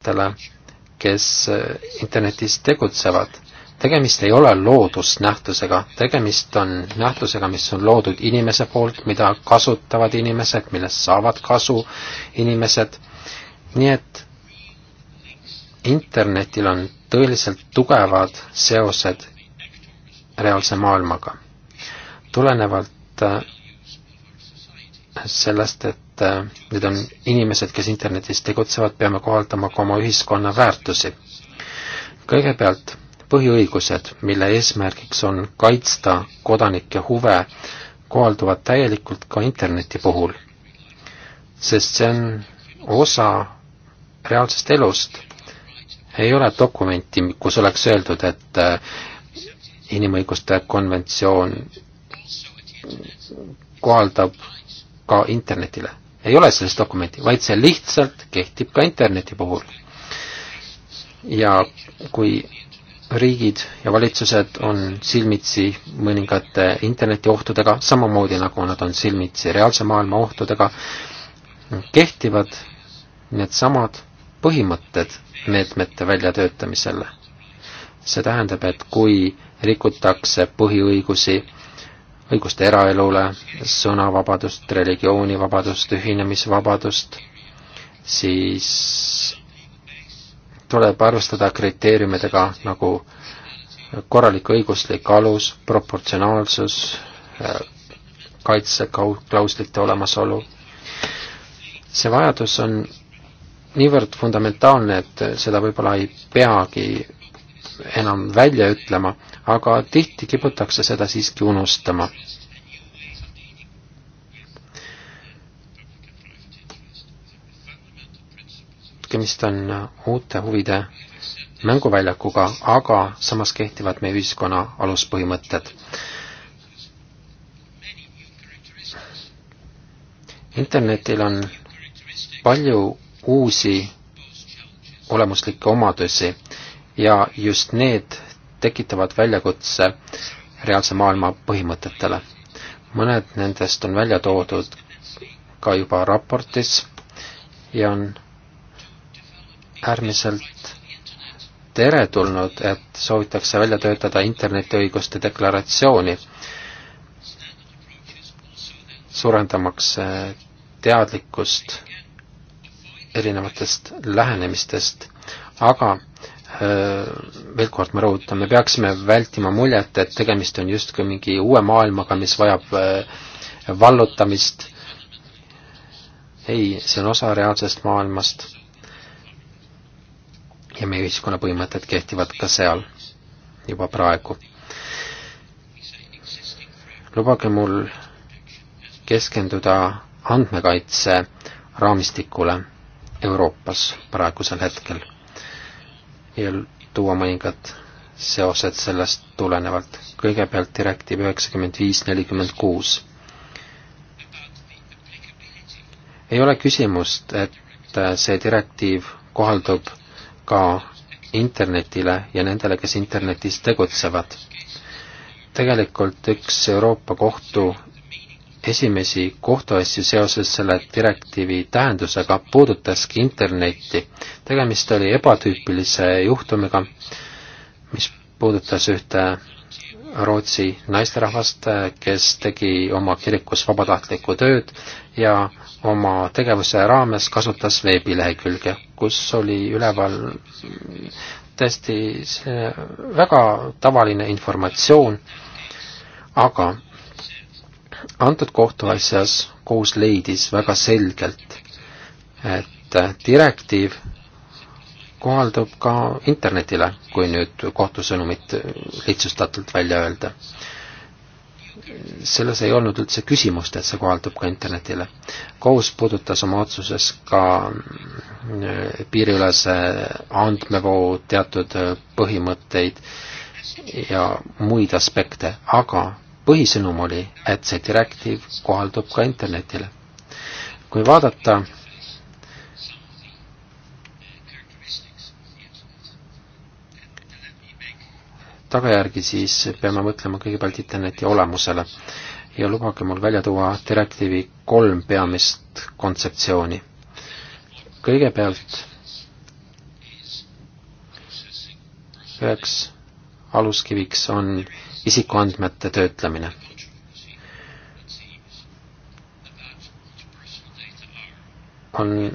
ettevõtetele, kes äh, internetis tegutsevad. tegemist ei ole loodusnähtusega, tegemist on nähtusega, mis on loodud inimese poolt, mida kasutavad inimesed, millest saavad kasu inimesed. nii et internetil on tõeliselt tugevad seosed reaalse maailmaga. tulenevalt äh, sellest, et et äh, need on inimesed, kes internetis tegutsevad, peame kohaldama ka oma ühiskonna väärtusi. kõigepealt põhiõigused, mille eesmärgiks on kaitsta kodanike huve, kohalduvad täielikult ka interneti puhul, sest see on osa reaalsest elust. ei ole dokumenti, kus oleks öeldud, et äh, inimõiguste konventsioon kohaldab ka internetile ei ole selles dokumenti, vaid see lihtsalt kehtib ka interneti puhul. ja kui riigid ja valitsused on silmitsi mõningate internetiohtudega, samamoodi nagu nad on silmitsi reaalse maailma ohtudega, kehtivad needsamad põhimõtted meetmete väljatöötamisel. see tähendab, et kui rikutakse põhiõigusi õigust eraelule, sõnavabadust, religioonivabadust, ühinemisvabadust, siis tuleb arvestada kriteeriumidega nagu korralik õiguslik alus, proportsionaalsus, kaitseklauslite olemasolu. see vajadus on niivõrd fundamentaalne, et seda võib-olla ei peagi enam välja ütlema, aga tihti kiputakse seda siiski unustama. tegemist on uute huvide mänguväljakuga, aga samas kehtivad meie ühiskonna aluspõhimõtted internetil on palju uusi olemuslikke omadusi ja just need tekitavad väljakutse reaalse maailma põhimõtetele. mõned nendest on välja toodud ka juba raportis ja on äärmiselt teretulnud, et soovitakse välja töötada internetiõiguste deklaratsiooni, suurendamaks eh, teadlikkust erinevatest lähenemistest, aga Äh, veel kord ma rõhutan, me peaksime vältima muljet, et tegemist on justkui mingi uue maailmaga, mis vajab äh, vallutamist. ei, see on osa reaalsest maailmast. ja meie ühiskonna põhimõtted kehtivad ka seal juba praegu. lubage mul keskenduda andmekaitse raamistikule Euroopas praegusel hetkel ja tuua mõningad seosed sellest tulenevalt. kõigepealt direktiiv üheksakümmend viis nelikümmend kuus. ei ole küsimust, et äh, see direktiiv kohaldub ka internetile ja nendele, kes internetis tegutsevad. tegelikult üks Euroopa Kohtu esimesi kohtuasju seoses selle direktiivi tähendusega puudutaski internetti. tegemist oli ebatüüpilise juhtumiga, mis puudutas ühte Rootsi naisterahvast, kes tegi oma kirikus vabatahtlikku tööd ja oma tegevuse raames kasutas veebilehekülge, kus oli üleval täiesti väga tavaline informatsioon, aga antud kohtuasjas kohus leidis väga selgelt, et direktiiv kohaldub ka internetile, kui nüüd kohtusõnumit lihtsustatult välja öelda. selles ei olnud üldse küsimust, et see kohaldub ka internetile. kohus puudutas oma otsuses ka äh, piiriülese andmevoo teatud põhimõtteid ja muid aspekte, aga põhisõnum oli, et see direktiiv kohaldub ka internetile. kui vaadata tagajärgi, siis peame mõtlema kõigepealt interneti olemusele ja lubage mul välja tuua direktiivi kolm peamist kontseptsiooni. kõigepealt üheks aluskiviks on isikuandmete töötlemine. on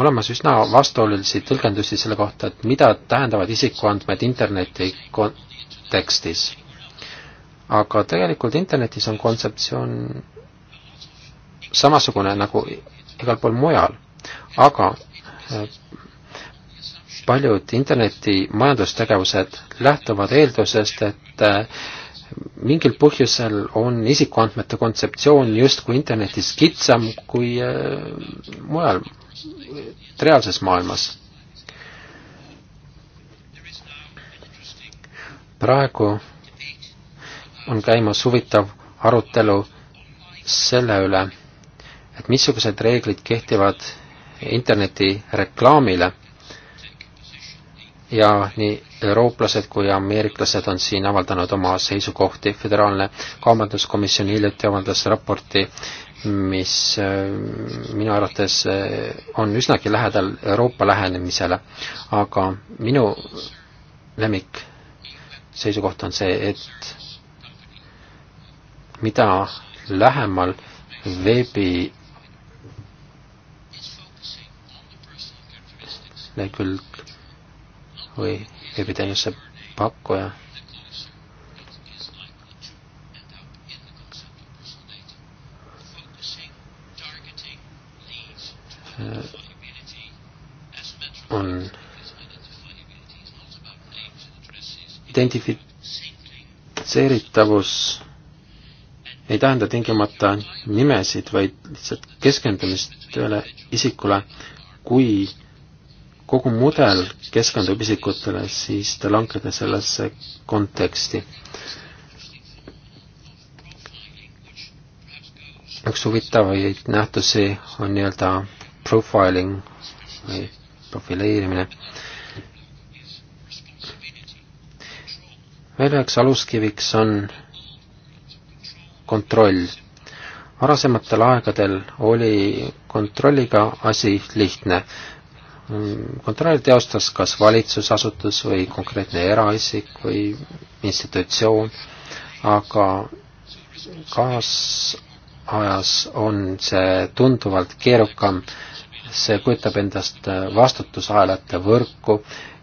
olemas üsna vastuolulisi tõlgendusi selle kohta, et mida tähendavad isikuandmed interneti kontekstis. aga tegelikult internetis on kontseptsioon samasugune nagu igal pool mujal, aga paljud interneti majandustegevused lähtuvad eeldusest, et äh, mingil põhjusel on isikuandmete kontseptsioon justkui internetis kitsam kui äh, mujal reaalses maailmas. praegu on käimas huvitav arutelu selle üle, et missugused reeglid kehtivad interneti reklaamile ja nii eurooplased kui ameeriklased on siin avaldanud oma seisukohti. Föderaalne Kaubanduskomisjon hiljuti avaldas raporti, mis äh, minu arvates äh, on üsnagi lähedal Euroopa lähenemisele, aga minu lemmik seisukoht on see, et mida lähemal veebi lehekülg või veebiteenuse pakkuja. on identifitseeritavus ei tähenda tingimata nimesid, vaid lihtsalt keskendumist ühele isikule, kui kogu mudel keskendub isikutele, siis te langete sellesse konteksti. üks huvitavaid nähtusi on nii-öelda profiling või profileerimine. veel üheks aluskiviks on kontroll. varasematel aegadel oli kontrolliga asi lihtne kontrolli teostas kas valitsusasutus või konkreetne eraisik või institutsioon, aga kaasajas on see tunduvalt keerukam, see kujutab endast vastutusahelate võrku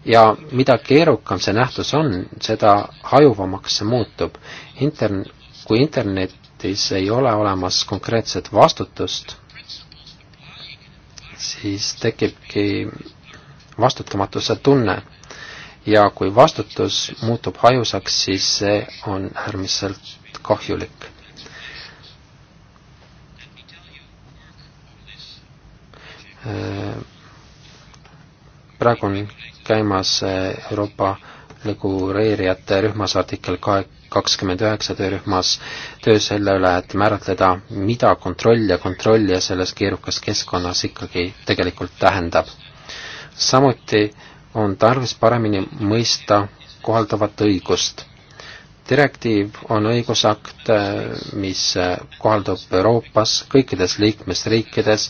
ja mida keerukam see nähtus on, seda hajuvamaks see muutub. Intern-, kui internetis ei ole olemas konkreetset vastutust, siis tekibki vastutamatuse tunne. ja kui vastutus muutub hajusaks, siis see on äärmiselt kahjulik. praegu on käimas Euroopa reguleerijate rühmas artikkel kahe, kakskümmend üheksa töörühmas töö selle üle, et määratleda, mida kontroll ja kontrollija selles keerukas keskkonnas ikkagi tegelikult tähendab. samuti on tarvis paremini mõista kohalduvat õigust. direktiiv on õigusakt, mis kohaldub Euroopas kõikides liikmesriikides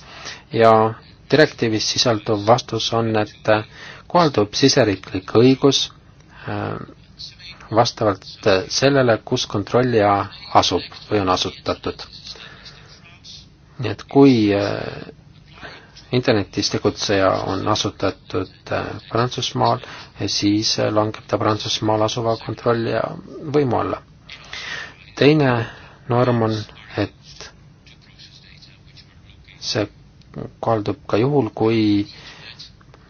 ja direktiivis sisalduv vastus on, et kohaldub siseriiklik õigus vastavalt äh, sellele, kus kontrollija asub või on asutatud. nii et kui äh, internetis tegutseja on asutatud äh, Prantsusmaal, siis langeb ta Prantsusmaal asuva kontrollija võimu alla. teine norm on, et see kaldub ka juhul, kui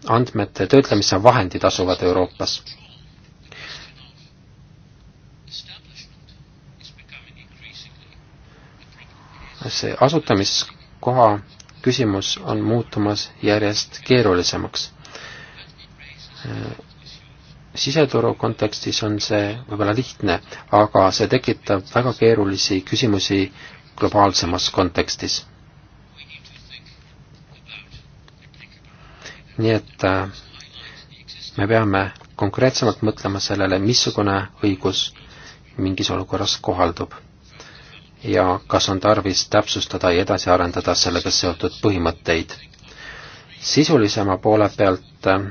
andmete töötlemise vahendid asuvad Euroopas see asutamiskoha küsimus on muutumas järjest keerulisemaks. siseturu kontekstis on see võib-olla lihtne, aga see tekitab väga keerulisi küsimusi globaalsemas kontekstis. nii et äh, me peame konkreetsemalt mõtlema sellele, missugune õigus mingis olukorras kohaldub ja kas on tarvis täpsustada ja edasi arendada sellega seotud põhimõtteid. sisulisema poole pealt äh,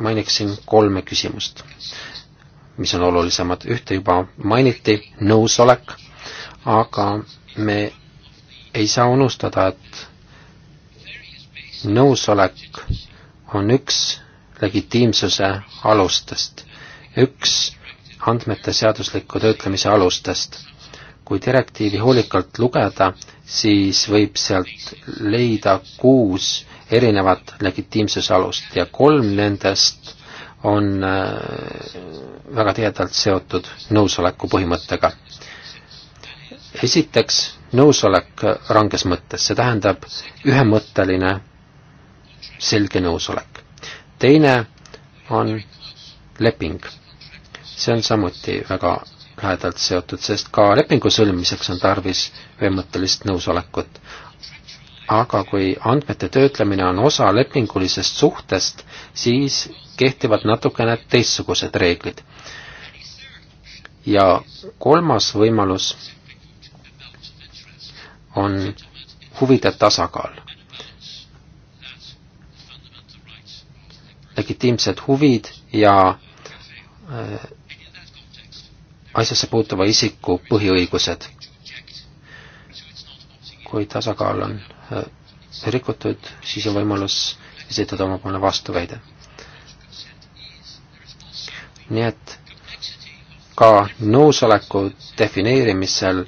mainiksin kolme küsimust, mis on olulisemad. ühte juba mainiti, nõusolek, aga me ei saa unustada, et nõusolek on üks legitiimsuse alustest, üks andmete seadusliku töötlemise alustest. kui direktiivi hoolikalt lugeda, siis võib sealt leida kuus erinevat legitiimsusalust ja kolm nendest on äh, väga tihedalt seotud nõusoleku põhimõttega. esiteks, nõusolek ranges mõttes, see tähendab ühemõtteline selge nõusolek. teine on leping see on samuti väga lähedalt seotud, sest ka lepingu sõlmimiseks on tarvis ühemõttelist nõusolekut. aga kui andmete töötlemine on osa lepingulisest suhtest, siis kehtivad natukene teistsugused reeglid. ja kolmas võimalus on huvide tasakaal. legitiimsed huvid ja äh, asjasse puutuva isiku põhiõigused. kui tasakaal on äh, rikutud, siis on võimalus esitada omapoolne vastuväide. nii et ka nõusoleku defineerimisel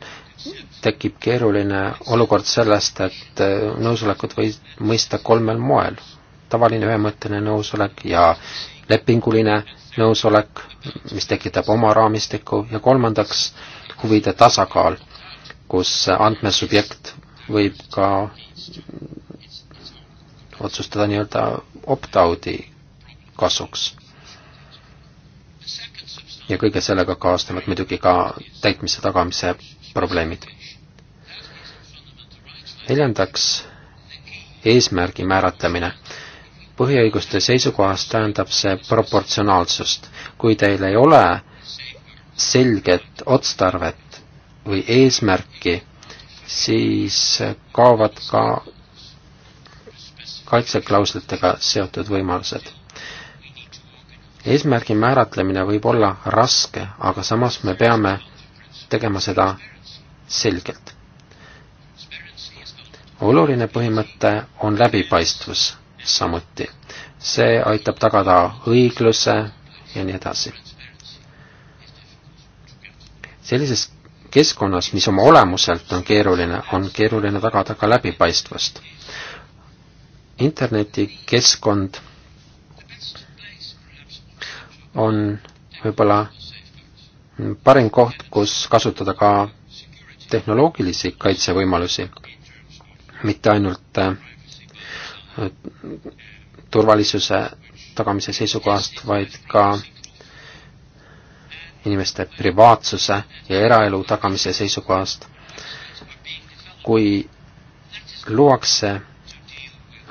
tekib keeruline olukord sellest, et äh, nõusolekut võib mõista kolmel moel. tavaline ühemõtteline nõusolek ja lepinguline nõusolek, mis tekitab oma raamistiku ja kolmandaks huvide tasakaal, kus andmesubjekt võib ka otsustada nii-öelda opt-out'i kasuks. ja kõige sellega kaasnevad muidugi ka täitmise tagamise probleemid. neljandaks, eesmärgi määratlemine põhiõiguste seisukohast tähendab see proportsionaalsust. kui teil ei ole selget otstarvet või eesmärki, siis kaovad ka kaitseklauslitega seotud võimalused. eesmärgi määratlemine võib olla raske, aga samas me peame tegema seda selgelt. oluline põhimõte on läbipaistvus samuti. see aitab tagada õigluse ja nii edasi. sellises keskkonnas, mis oma olemuselt on keeruline, on keeruline tagada ka läbipaistvust. internetikeskkond on võib-olla parim koht, kus kasutada ka tehnoloogilisi kaitsevõimalusi, mitte ainult äh, turvalisuse tagamise seisukohast, vaid ka inimeste privaatsuse ja eraelu tagamise seisukohast. kui luuakse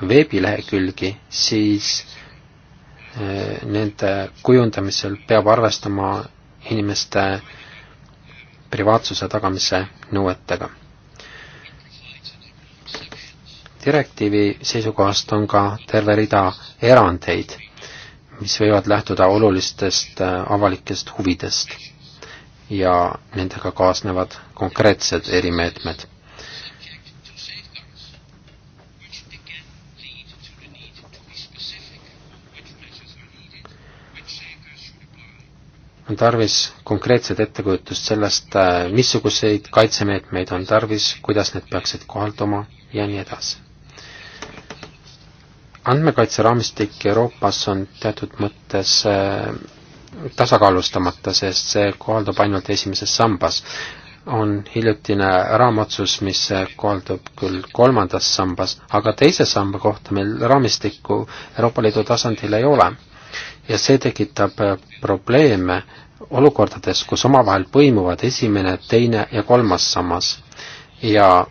veebilehekülgi, siis eh, nende kujundamisel peab arvestama inimeste privaatsuse tagamise nõuetega direktiivi seisukohast on ka terve rida erandeid, mis võivad lähtuda olulistest äh, avalikest huvidest ja nendega kaasnevad konkreetsed erimeetmed. on tarvis konkreetset ettekujutust sellest, äh, missuguseid kaitsemeetmeid on tarvis, kuidas need peaksid kohalduma ja nii edasi andmekaitseraamistik Euroopas on teatud mõttes äh, tasakaalustamata, sest see kohaldub ainult esimeses sambas. on hiljutine raamotsus, mis kohaldub küll kolmandas sambas, aga teise samba kohta meil raamistikku Euroopa Liidu tasandil ei ole. ja see tekitab äh, probleeme olukordades, kus omavahel põimuvad esimene, teine ja kolmas sammas. ja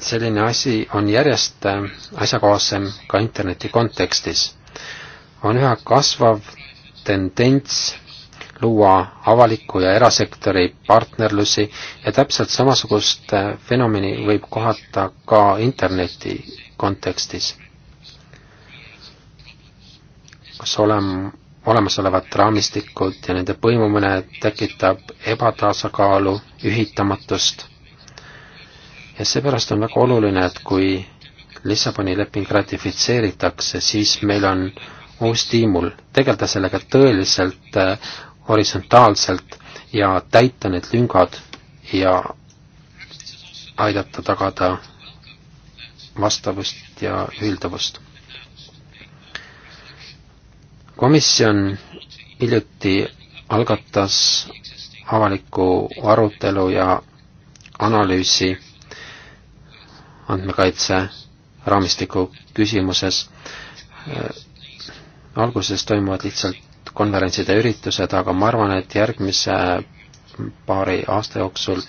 selline asi on järjest äh, asjakohasem ka interneti kontekstis. on üha kasvav tendents luua avaliku ja erasektori partnerlusi ja täpselt samasugust äh, fenomeni võib kohata ka interneti kontekstis, kus olem-, olemasolevad raamistikud ja nende põimumine tekitab ebatasakaalu, ühitamatust ja seepärast on väga oluline, et kui Lissaboni leping ratifitseeritakse, siis meil on uus stiimul tegeleda sellega tõeliselt äh, horisontaalselt ja täita need lüngad ja aidata tagada vastavust ja ühildavust. komisjon hiljuti algatas avaliku arutelu ja analüüsi andmekaitse raamistiku küsimuses. alguses toimuvad lihtsalt konverentsid ja üritused, aga ma arvan, et järgmise paari aasta jooksul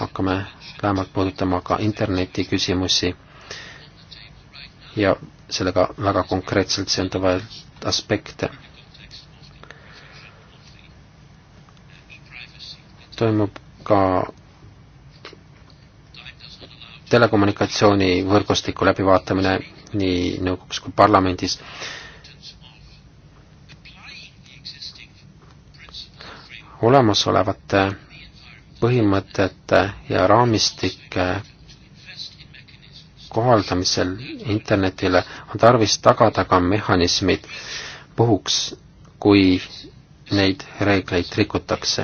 hakkame lähemalt puudutama ka interneti küsimusi ja sellega väga konkreetselt seonduvaid aspekte. toimub ka telekommunikatsiooni võrgustiku läbivaatamine nii nõukogus kui parlamendis. olemasolevate põhimõtete ja raamistike kohaldamisel internetile on tarvis tagada ka mehhanismid puhuks, kui neid reegleid rikutakse.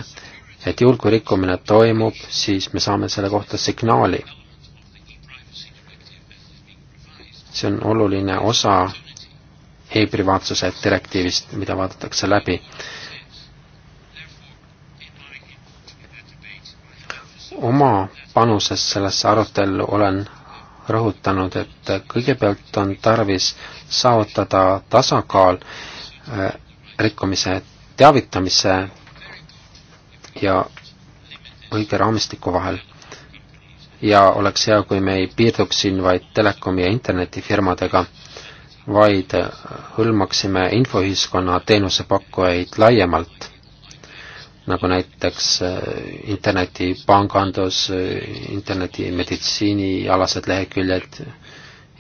et juhul, kui rikkumine toimub, siis me saame selle kohta signaali see on oluline osa e-privaatsuse direktiivist, mida vaadatakse läbi. oma panuses sellesse arutellu olen rõhutanud, et kõigepealt on tarvis saavutada tasakaal äh, rikkumise teavitamise ja õige raamistiku vahel ja oleks hea, kui me ei piirduks siin vaid telekomi ja internetifirmadega, vaid hõlmaksime infoühiskonna teenusepakkujaid laiemalt, nagu näiteks äh, internetipangandus, interneti meditsiinialased leheküljed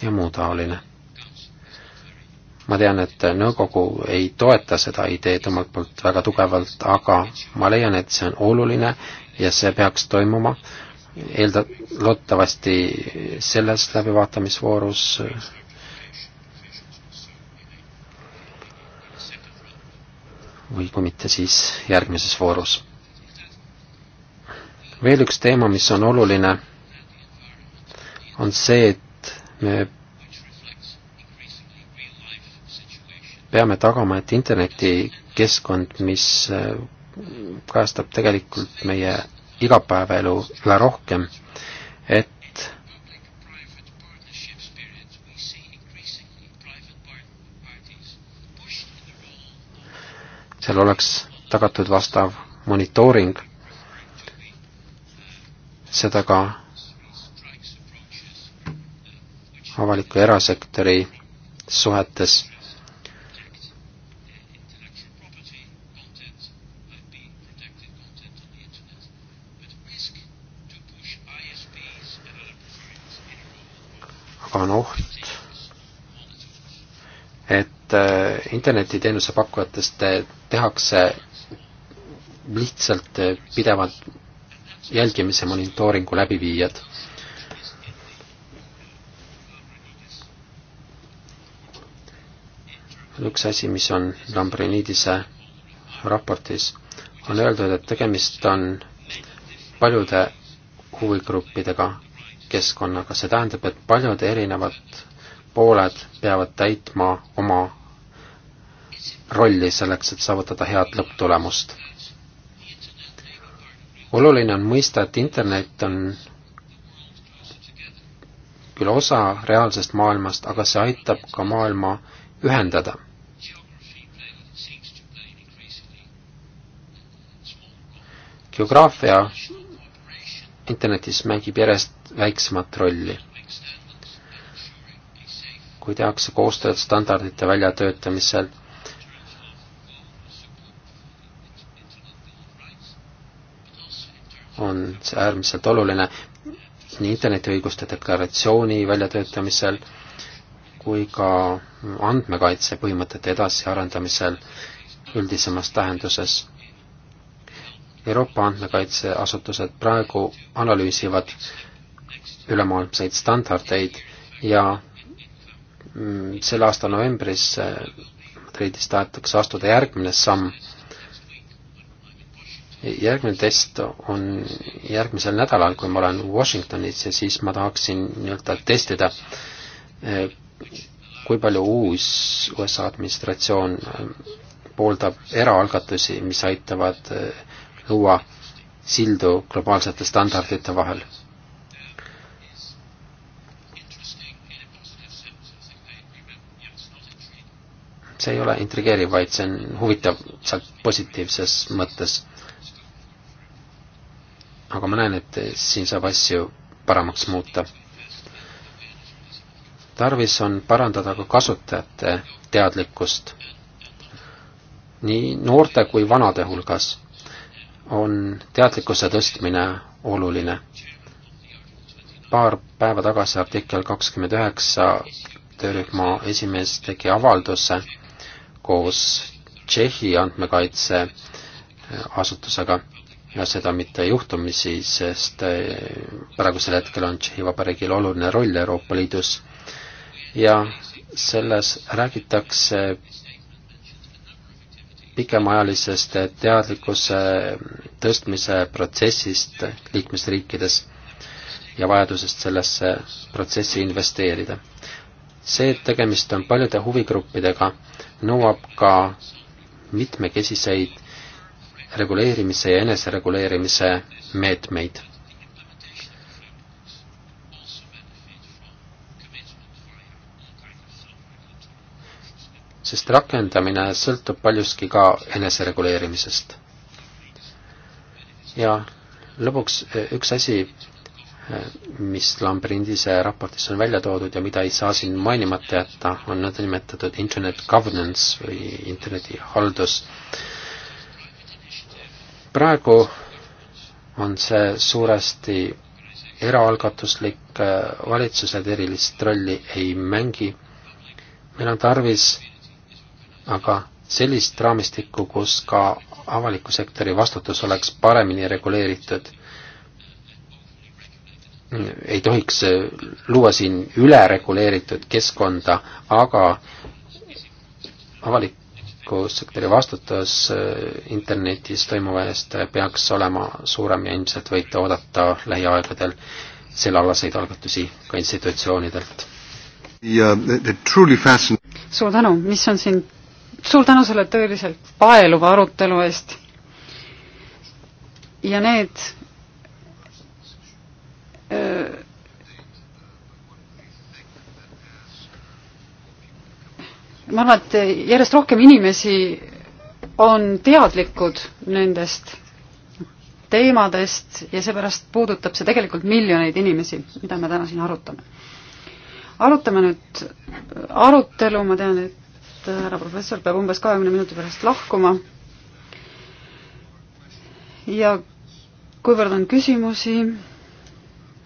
ja muu taoline. ma tean, et nõukogu ei toeta seda ideed omalt poolt väga tugevalt, aga ma leian, et see on oluline ja see peaks toimuma, eelda-, loodetavasti selles läbivaatamisvoorus või kui mitte, siis järgmises voorus. veel üks teema, mis on oluline, on see, et me peame tagama, et internetikeskkond, mis kajastab tegelikult meie igapäevaelu üha rohkem, et seal oleks tagatud vastav monitooring, seda ka avaliku erasektori suhetes on oht, et äh, internetiteenuse pakkujatest äh, tehakse lihtsalt äh, pidevalt jälgimise monitooringu läbiviijad. üks asi, mis on Lambrinidise raportis, on öeldud, et tegemist on paljude huvigruppidega, keskkonnaga, see tähendab, et paljud erinevad pooled peavad täitma oma rolli selleks, et saavutada head lõpptulemust. oluline on mõista, et internet on küll osa reaalsest maailmast, aga see aitab ka maailma ühendada geograafia internetis mängib järjest väiksemat rolli. kui tehakse koostööd standardite väljatöötamisel, on see äärmiselt oluline nii internetiõiguste deklaratsiooni väljatöötamisel kui ka andmekaitse põhimõtete edasiarendamisel üldisemas tähenduses Euroopa andmekaitseasutused praegu analüüsivad ülemaailmseid standardeid ja mm, selle aasta novembris eh, Madridis tahetakse astuda järgmine samm. järgmine test on järgmisel nädalal, kui ma olen Washingtonis ja siis ma tahaksin nii-öelda testida, eh, kui palju uus USA administratsioon eh, pooldab eraalgatusi, mis aitavad äh, luua sildu globaalsete standardite vahel. see ei ole intrigeeriv, vaid see on huvitav sealt positiivses mõttes. aga ma näen, et siin saab asju paremaks muuta. tarvis on parandada ka kasutajate teadlikkust nii noorte kui vanade hulgas on teadlikkuse tõstmine oluline. paar päeva tagasi artikkel kakskümmend üheksa töörühma esimees tegi avalduse koos Tšehhi andmekaitseasutusega ja seda mitte juhtumisi, sest eh, praegusel hetkel on Tšehhi Vabariigil oluline roll Euroopa Liidus ja selles räägitakse pikemaajalisest teadlikkuse tõstmise protsessist liikmesriikides ja vajadusest sellesse protsessi investeerida. see, et tegemist on paljude huvigruppidega, nõuab ka mitmekesiseid reguleerimise ja enesereguleerimise meetmeid sest rakendamine sõltub paljuski ka enesereguleerimisest. ja lõpuks eh, üks asi, eh, mis Lambrindise raportis on välja toodud ja mida ei saa siin mainimata jätta, on nõndanimetatud internet governance või internetihaldus. praegu on see suuresti eraalgatuslik, eh, valitsused erilist rolli ei mängi. meil on tarvis aga sellist raamistikku, kus ka avaliku sektori vastutus oleks paremini reguleeritud. ei tohiks luua siin ülereguleeritud keskkonda, aga avaliku sektori vastutus internetis toimuva eest peaks olema suurem ja ilmselt võite oodata lähiaegadel sellealaseid algatusi ka institutsioonidelt. Uh, suur tänu, mis on sind suur tänu selle tõeliselt paeluva arutelu eest. ja need öö, ma arvan, et järjest rohkem inimesi on teadlikud nendest teemadest ja seepärast puudutab see tegelikult miljoneid inimesi, mida me täna siin arutame. arutame nüüd arutelu, ma tean, et et äh, härra professor peab umbes kahekümne minuti pärast lahkuma. ja kuivõrd on küsimusi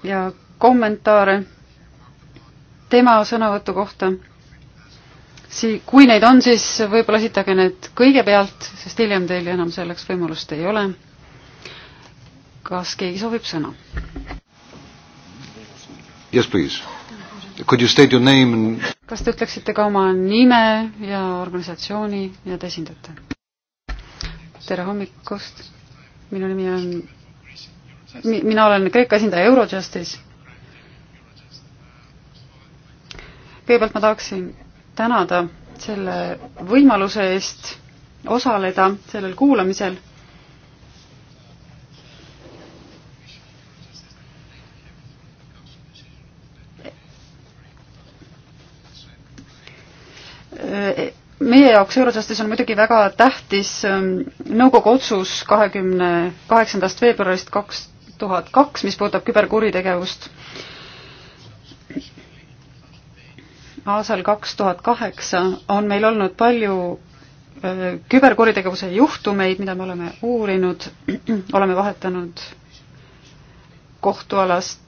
ja kommentaare tema sõnavõtu kohta, sii-, kui neid on, siis võib-olla esitage need kõigepealt, sest hiljem teil enam selleks võimalust ei ole. kas keegi soovib sõna? Yes, please. Could you state your name and kas te ütleksite ka oma nime ja organisatsiooni, mida te esindate? tere hommikust, minu nimi on mi,, mina olen Kreeka esindaja Eurojustice. kõigepealt ma tahaksin tänada selle võimaluse eest osaleda sellel kuulamisel Äh, meie jaoks Eurosastis on muidugi väga tähtis ähm, nõukogu otsus kahekümne kaheksandast veebruarist kaks tuhat kaks, mis puudutab küberkuritegevust. aastal kaks tuhat kaheksa on meil olnud palju äh, küberkuritegevuse juhtumeid, mida me oleme uurinud, oleme vahetanud kohtualast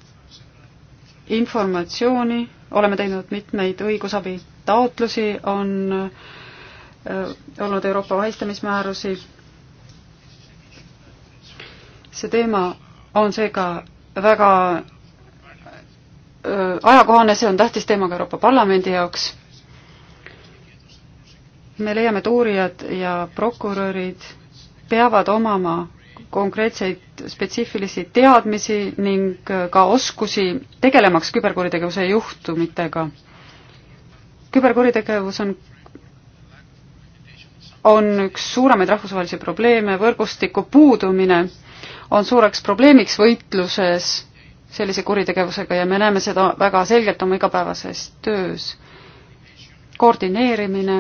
informatsiooni, oleme teinud mitmeid õigusabi taotlusi, on äh, olnud Euroopa vahistamismäärusi. see teema on seega väga äh, ajakohane, see on tähtis teema ka Euroopa Parlamendi jaoks. me leiame, et uurijad ja prokurörid peavad omama konkreetseid spetsiifilisi teadmisi ning ka oskusi tegelemaks küberkuritegevuse juhtumitega küberkuritegevus on, on üks suuremaid rahvusvahelisi probleeme, võrgustiku puudumine on suureks probleemiks võitluses sellise kuritegevusega ja me näeme seda väga selgelt oma igapäevases töös. koordineerimine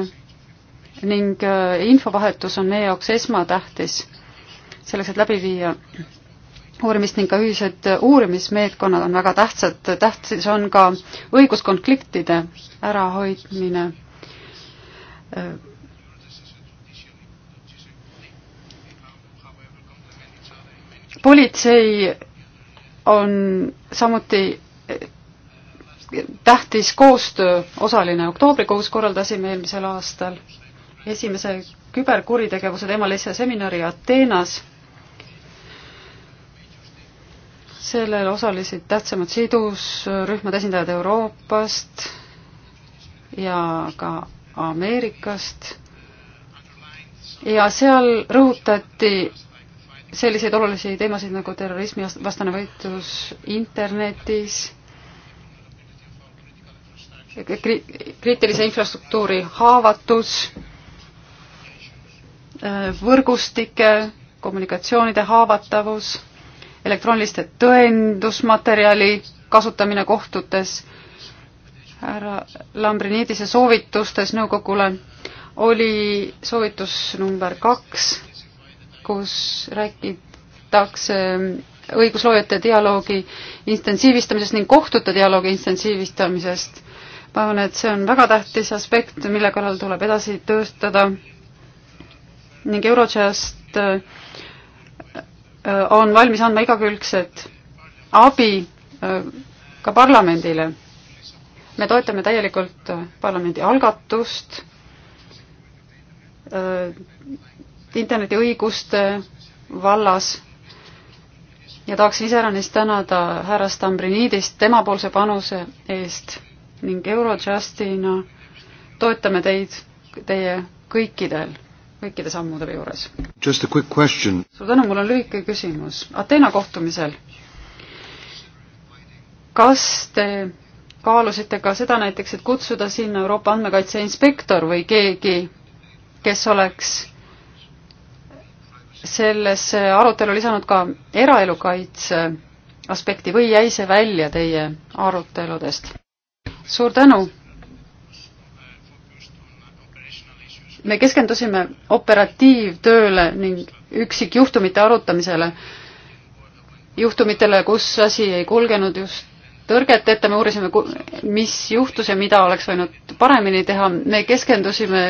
ning äh, infovahetus on meie jaoks esmatähtis selleks, et läbi viia uurimist ning ka ühised uurimismeetkonnad on väga tähtsad, tähtis on ka õiguskonfliktide ärahoidmine. politsei on samuti tähtis koostöö osaline. oktoobrikuus korraldasime eelmisel aastal esimese küberkuritegevuse teemal seminari Ateenas sellel osalesid tähtsamad sidusrühmad, esindajad Euroopast ja ka Ameerikast. ja seal rõhutati selliseid olulisi teemasid nagu terrorismi vastane võitlus internetis, kri-, kriitilise infrastruktuuri haavatus, äh, võrgustike, kommunikatsioonide haavatavus elektrooniliste tõendusmaterjali kasutamine kohtutes, härra Lambrinidise soovitustes nõukogule oli soovitus number kaks, kus räägitakse õigusloojate dialoogi intensiivistamisest ning kohtute dialoogi intensiivistamisest. ma arvan, et see on väga tähtis aspekt, mille kallal tuleb edasi töötada ning Eurojust Äh, on valmis andma igakülgset abi äh, ka parlamendile. me toetame täielikult äh, parlamendi algatust, internetiõiguste vallas ja tahaksin iseäranis tänada härra Stambrinidist temapoolse panuse eest ning Eurojustina toetame teid teie kõikidel kõikide sammude juures. suur tänu, mul on lühike küsimus. Ateena kohtumisel, kas te kaalusite ka seda näiteks, et kutsuda sinna Euroopa andmekaitse inspektor või keegi, kes oleks sellesse arutelu lisanud ka eraelukaitse aspekti või jäi see välja teie aruteludest? suur tänu me keskendusime operatiivtööle ning üksikjuhtumite arutamisele, juhtumitele, kus asi ei kulgenud just tõrgete ette, me uurisime, mis juhtus ja mida oleks võinud paremini teha, me keskendusime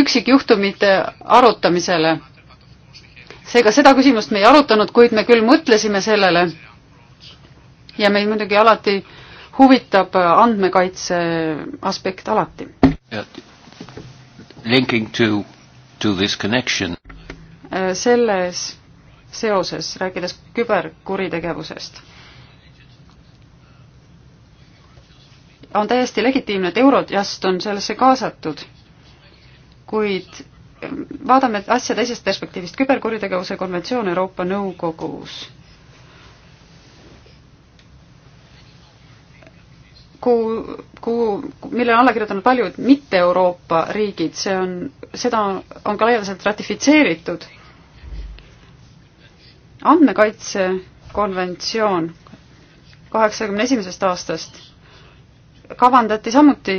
üksikjuhtumite arutamisele. seega seda küsimust me ei arutanud, kuid me küll mõtlesime sellele. ja meid muidugi alati huvitab andmekaitse aspekt alati linking to, to this connection. Äh, selles seoses, rääkides küberkuritegevusest, on täiesti legitiimne, et Eurojust on sellesse kaasatud, kuid äh, vaatame asja teisest perspektiivist, küberkuritegevuse konventsioon Euroopa Nõukogus kuhu, kuhu, mille on alla kirjutanud paljud mitte-Euroopa riigid, see on, seda on ka laialdaselt ratifitseeritud. andmekaitsekonventsioon kaheksakümne esimesest aastast kavandati samuti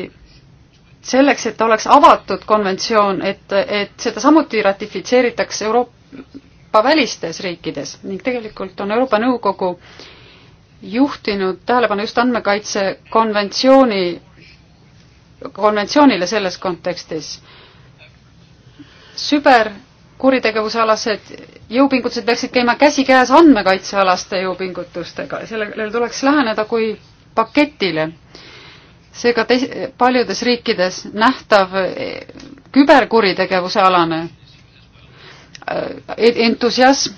selleks, et ta oleks avatud konventsioon, et, et seda samuti ratifitseeritakse Euroopa välistes riikides ning tegelikult on Euroopa Nõukogu äh, juhtinud tähelepanu just andmekaitse konventsiooni, konventsioonile selles kontekstis. süberkuritegevusealased jõupingutused peaksid käima käsikäes andmekaitsealaste jõupingutustega, sellele tuleks läheneda kui paketile. seega teis-, paljudes riikides nähtav küberkuritegevuse alane äh, entusiasm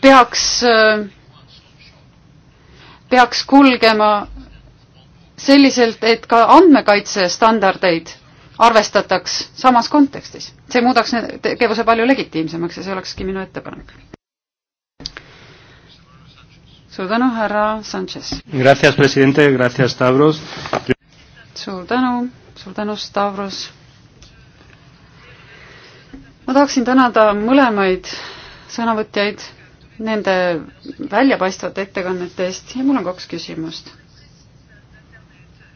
peaks, peaks kulgema selliselt, et ka andmekaitsestandardeid arvestataks samas kontekstis. see muudaks tegevuse palju legitiimsemaks ja see olekski minu ettepanek. suur tänu, härra Sanchez. Gracias, presidente, gracias, Stavros. suur tänu, suur tänu, Stavros. ma tahaksin tänada mõlemaid sõnavõtjaid nende väljapaistvate ettekannete eest ja mul on kaks küsimust.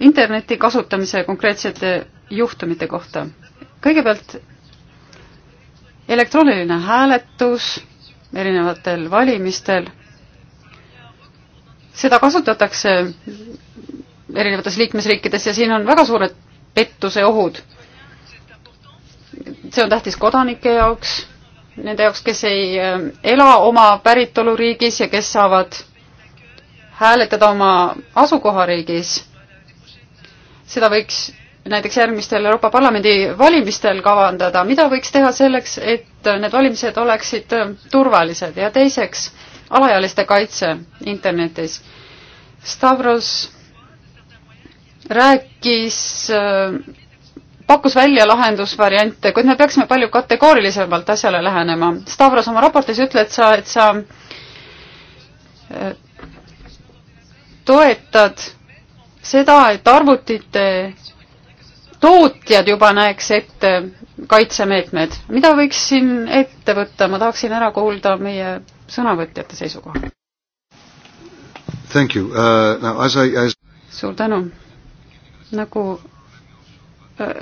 interneti kasutamise konkreetsete juhtumite kohta. kõigepealt elektrooniline hääletus erinevatel valimistel, seda kasutatakse erinevates liikmesriikides ja siin on väga suured pettuse ohud. see on tähtis kodanike jaoks nende jaoks, kes ei äh, ela oma päritoluriigis ja kes saavad hääletada oma asukohariigis. seda võiks näiteks järgmistel Euroopa Parlamendi valimistel kavandada, mida võiks teha selleks, et need valimised oleksid äh, turvalised ja teiseks, alaealiste kaitse internetis. Stavros rääkis äh, pakkus välja lahendusvariante, kuid me peaksime palju kategoorilisemalt asjale lähenema. Stavros oma raportis ütled sa, et sa äh, toetad seda, et arvutite tootjad juba näeks ette kaitsemeetmed. mida võiks siin ette võtta, ma tahaksin ära kuulda meie sõnavõtjate seisukoha. Uh, no, as I, as... suur tänu. nagu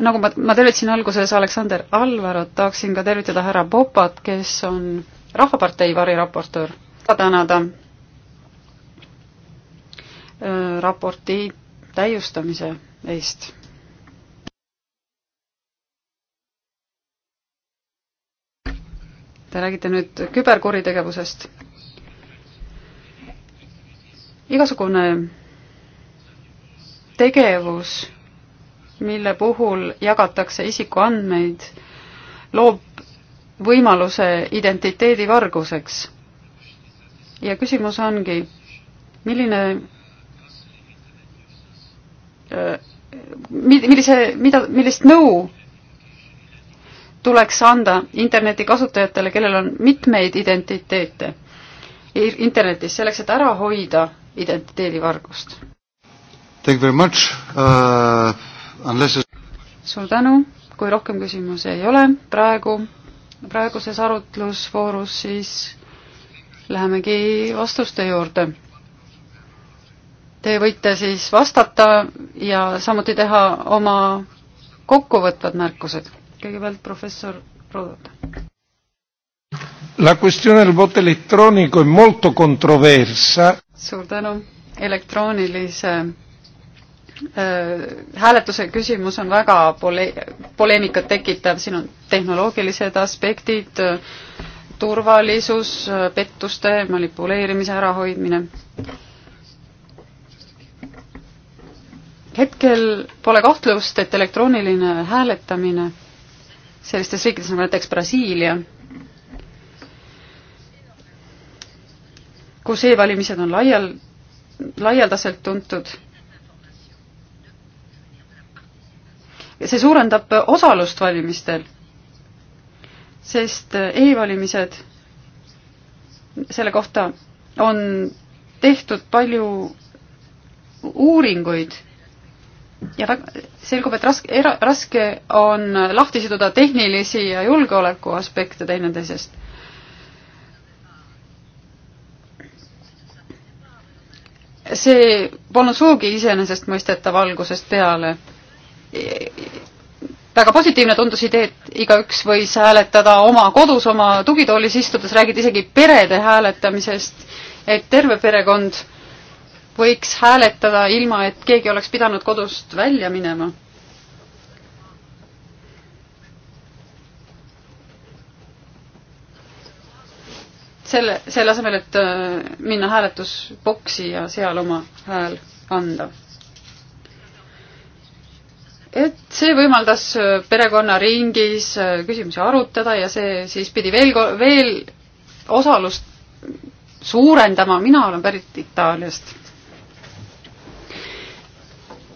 nagu ma, ma tervitasin alguses Aleksander Alvarot, tahaksin ka tervitada härra Popat, kes on Rahvapartei variraportöör. tänada äh, raporti täiustamise eest. Te räägite nüüd küberkuritegevusest. igasugune tegevus mille puhul jagatakse isikuandmeid, loob võimaluse identiteedi varguseks. ja küsimus ongi, milline äh, millise, mida, millist nõu tuleks anda interneti kasutajatele, kellel on mitmeid identiteete internetis, selleks et ära hoida identiteedivargust? Thank you very much uh, suur tänu, kui rohkem küsimusi ei ole praegu, praeguses arutlusvoorus, siis lähemegi vastuste juurde. Te võite siis vastata ja samuti teha oma kokkuvõtvad märkused. kõigepealt professor Rodota. La questione del voto elettronico è molto controversa. suur tänu, elektroonilise Äh, hääletuse küsimus on väga pole-, poleemikat tekitav, siin on tehnoloogilised aspektid, äh, turvalisus, äh, pettuste manipuleerimise ärahoidmine. hetkel pole kahtlust, et elektrooniline hääletamine sellistes riikides nagu näiteks Brasiilia, kus e-valimised on laial, laialdaselt tuntud see suurendab osalust valimistel, sest e-valimised, selle kohta on tehtud palju uuringuid ja väga, selgub, et raske, raske on lahti siduda tehnilisi ja julgeoleku aspekte teineteisest. see polnud sugugi iseenesestmõistetav algusest peale väga positiivne tundus idee, et igaüks võis hääletada oma kodus, oma tugitoolis istudes, räägiti isegi perede hääletamisest, et terve perekond võiks hääletada ilma, et keegi oleks pidanud kodust välja minema. selle, selle asemel, et äh, minna hääletusboksi ja seal oma hääl anda et see võimaldas äh, perekonnaringis äh, küsimusi arutada ja see siis pidi veel, veel osalust suurendama, mina olen pärit Itaaliast.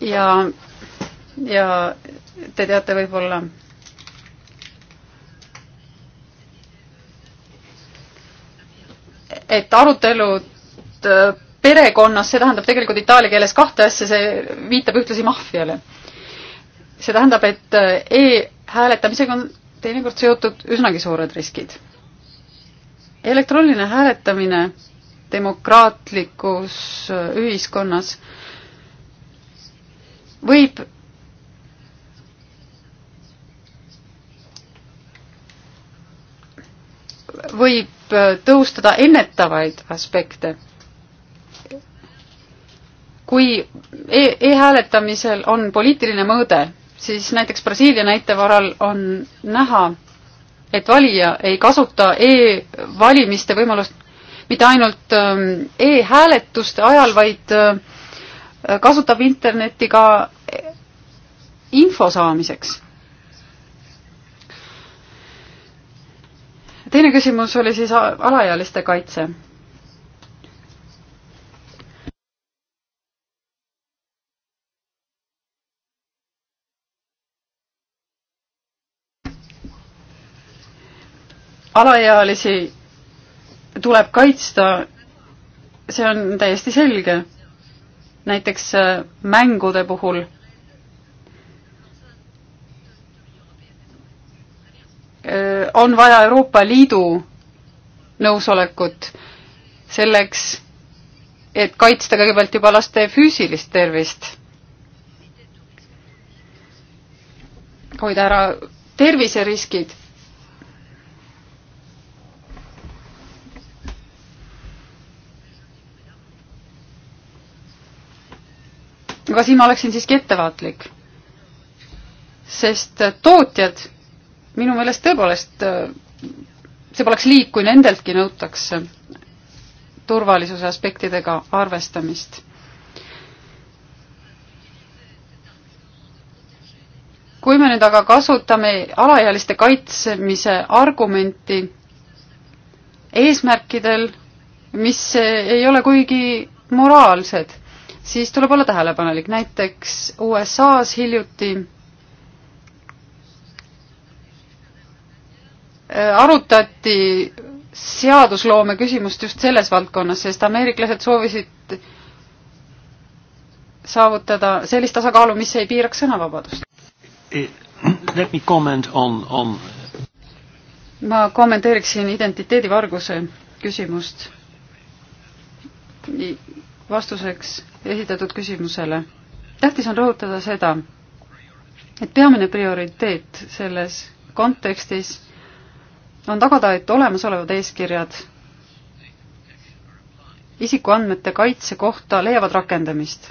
ja, ja te teate võib-olla et arutelud äh, perekonnas, see tähendab tegelikult itaalia keeles kahte asja, see viitab ühtlasi maffiale see tähendab, et äh, e-hääletamisega on teinekord seotud üsnagi suured riskid. elektrooniline hääletamine demokraatlikus äh, ühiskonnas võib võib äh, tõustada ennetavaid aspekte. kui e-, e-hääletamisel e on poliitiline mõõde siis näiteks Brasiilia näite varal on näha, et valija ei kasuta e-valimiste võimalust mitte ainult ähm, e-hääletuste ajal, vaid äh, kasutab internetti ka info saamiseks. teine küsimus oli siis alaealiste kaitse alaealisi tuleb kaitsta, see on täiesti selge. näiteks äh, mängude puhul äh, on vaja Euroopa Liidu nõusolekut selleks, et kaitsta kõigepealt juba laste füüsilist tervist. hoida ära terviseriskid aga siin ma oleksin siiski ettevaatlik. sest äh, tootjad minu meelest tõepoolest, äh, see poleks liig, kui nendeltki nõutakse äh, turvalisuse aspektidega arvestamist. kui me nüüd aga kasutame alaealiste kaitsmise argumenti eesmärkidel, mis ei ole kuigi moraalsed siis tuleb olla tähelepanelik. näiteks USA-s hiljuti äh, arutati seadusloome küsimust just selles valdkonnas, sest ameeriklased soovisid saavutada sellist tasakaalu, mis ei piiraks sõnavabadust. Let me comment on, on ma kommenteeriksin identiteedivarguse küsimust vastuseks esitatud küsimusele. tähtis on rõhutada seda, et peamine prioriteet selles kontekstis on tagada, et olemasolevad eeskirjad isikuandmete kaitse kohta leiavad rakendamist.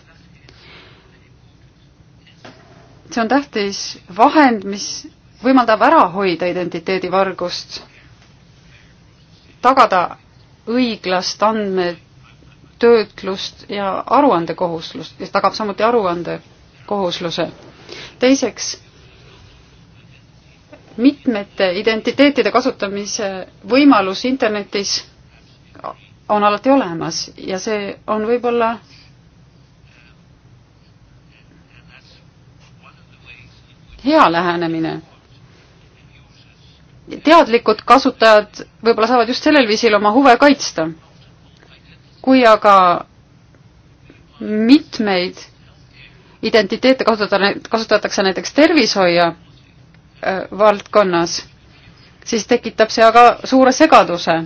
see on tähtis vahend, mis võimaldab ära hoida identiteedivargust, tagada õiglast andmed töötlust ja aruandekohuslust, kes tagab samuti aruandekohusluse. teiseks, mitmete identiteetide kasutamise võimalus internetis on alati olemas ja see on võib-olla hea lähenemine. teadlikud kasutajad võib-olla saavad just sellel viisil oma huve kaitsta kui aga mitmeid identiteete kasutada, kasutatakse näiteks tervishoia äh, valdkonnas, siis tekitab see aga suure segaduse.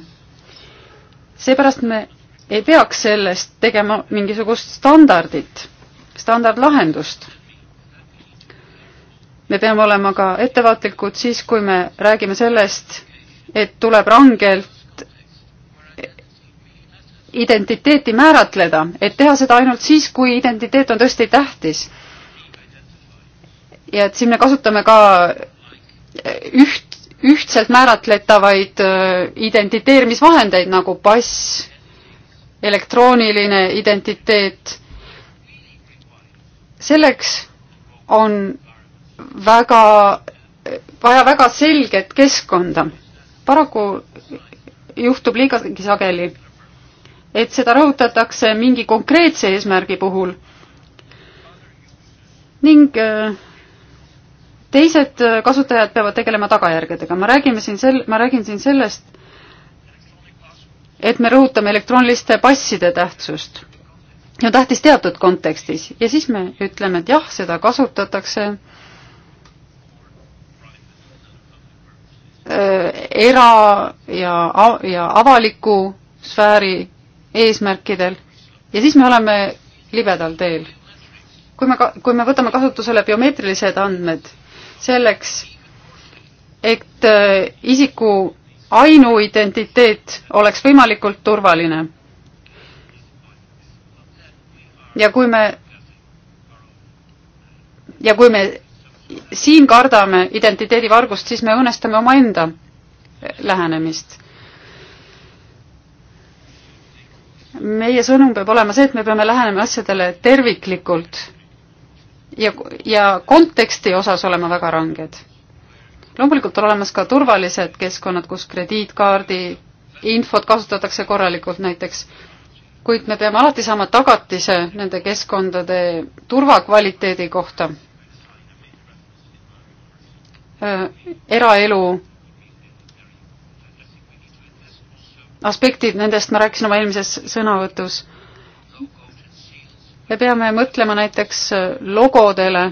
seepärast me ei peaks sellest tegema mingisugust standardit, standardlahendust. me peame olema ka ettevaatlikud siis, kui me räägime sellest, et tuleb rangelt identiteeti määratleda, et teha seda ainult siis, kui identiteet on tõesti tähtis. ja et siin me kasutame ka üht, ühtselt määratletavaid äh, identiteerimisvahendeid nagu pass, elektrooniline identiteet. selleks on väga, vaja väga selget keskkonda. paraku juhtub liigagi sageli et seda rõhutatakse mingi konkreetse eesmärgi puhul. ning äh, teised kasutajad peavad tegelema tagajärgedega, ma räägime siin sel-, ma räägin siin sellest, et me rõhutame elektrooniliste passide tähtsust. ja tähtis teatud kontekstis ja siis me ütleme, et jah, seda kasutatakse äh, era- ja, ja avaliku sfääri eesmärkidel ja siis me oleme libedal teel. kui me, kui me võtame kasutusele biomeetrilised andmed selleks, et äh, isiku ainuidentiteet oleks võimalikult turvaline. ja kui me, ja kui me siin kardame identiteedivargust, siis me õõnestame omaenda lähenemist meie sõnum peab olema see, et me peame lähenema asjadele terviklikult ja, ja konteksti osas olema väga ranged. loomulikult on olemas ka turvalised keskkonnad, kus krediitkaardi infot kasutatakse korralikult näiteks, kuid me peame alati saama tagatise nende keskkondade turvakvaliteedi kohta. Äh, eraelu aspektid, nendest ma rääkisin oma eelmises sõnavõtus. me peame mõtlema näiteks logodele,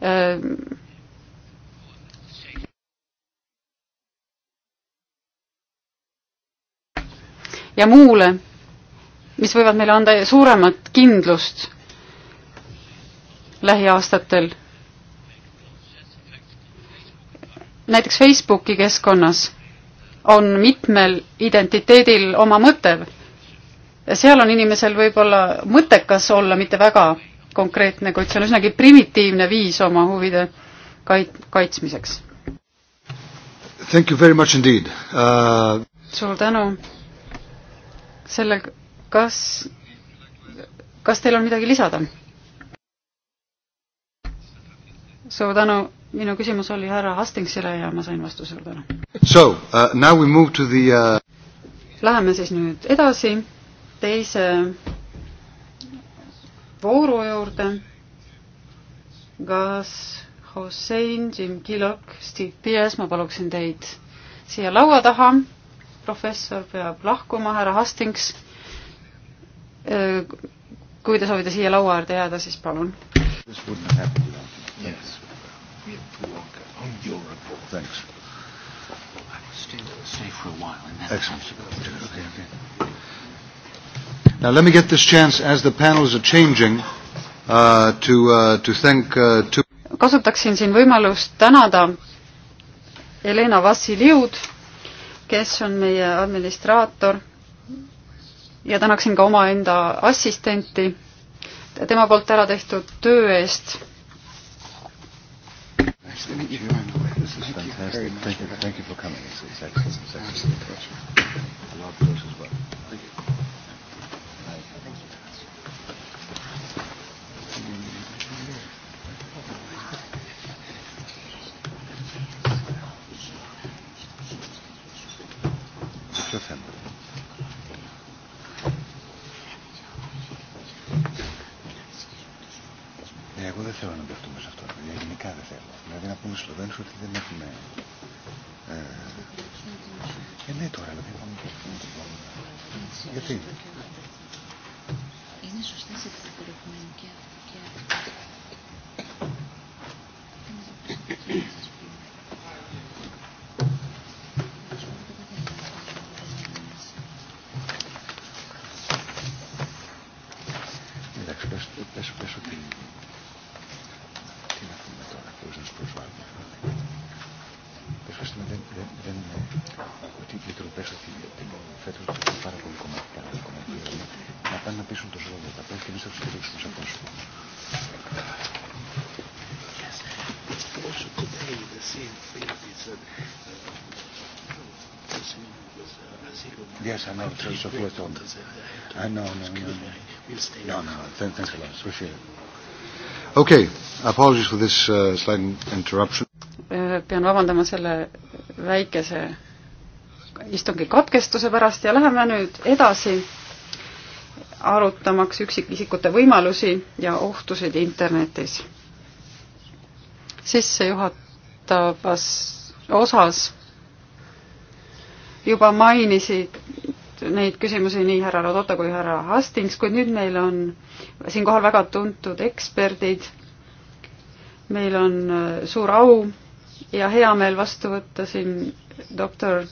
ehm, ja muule, mis võivad meile anda suuremat kindlust lähiaastatel. näiteks Facebooki keskkonnas on mitmel identiteedil oma mõte. seal on inimesel võib-olla mõttekas olla, mitte väga konkreetne, kuid see on üsnagi primitiivne viis oma huvide kait-, kaitsmiseks. Thank you very much indeed uh.... suur tänu. selle, kas, kas teil on midagi lisada? suur tänu minu küsimus oli härra Hastingsile ja ma sain vastuse täna. So uh, now we move to the uh... Läheme siis nüüd edasi teise vooru juurde. kas Hossein, Jim Kilok, Steve Pies, ma paluksin teid siia laua taha. professor peab lahkuma, härra Hastings. Äh, kui te soovite siia laua äärde jääda, siis palun. This wouldn't happen without you. Yes be unbearable. Thanks. I will stay, stay for a while and then Excellent. Okay, okay. Now let me get this chance as the panels are changing uh, to, uh, to thank uh, to kasutaksin siin võimalust tänada Helena Vassiljud, kes on meie administraator ja tänaksin ka omaenda assistenti tema poolt ära tehtud töö eest Nice to meet you. This is Thank fantastic. You Thank you. Thank you for coming. It's, it's excellent. It's excellent. Absolute pleasure. I love yours as well. Thank you. Thank you. Bueno, πούμε στους Σλοβαίνους ότι δεν έχουμε... Ε, ε ναι τώρα, αλλά δεν πάμε και Γιατί. Είναι σωστές οι προηγούμενοι και αυτοί και αυτοί. so close to home. Ah, I know, no, no, no. No, no, th thanks a lot. Appreciate it. Okay, apologies for this uh, slight interruption. Äh, pean vabandama selle väikese istungi katkestuse pärast ja läheme nüüd edasi arutamaks üksikisikute võimalusi ja ohtusid internetis. sissejuhatavas osas juba mainisid neid küsimusi nii härra Rodota kui härra Hastings, kuid nüüd meil on siinkohal väga tuntud eksperdid. meil on äh, suur au ja hea meel vastu võtta siin doktor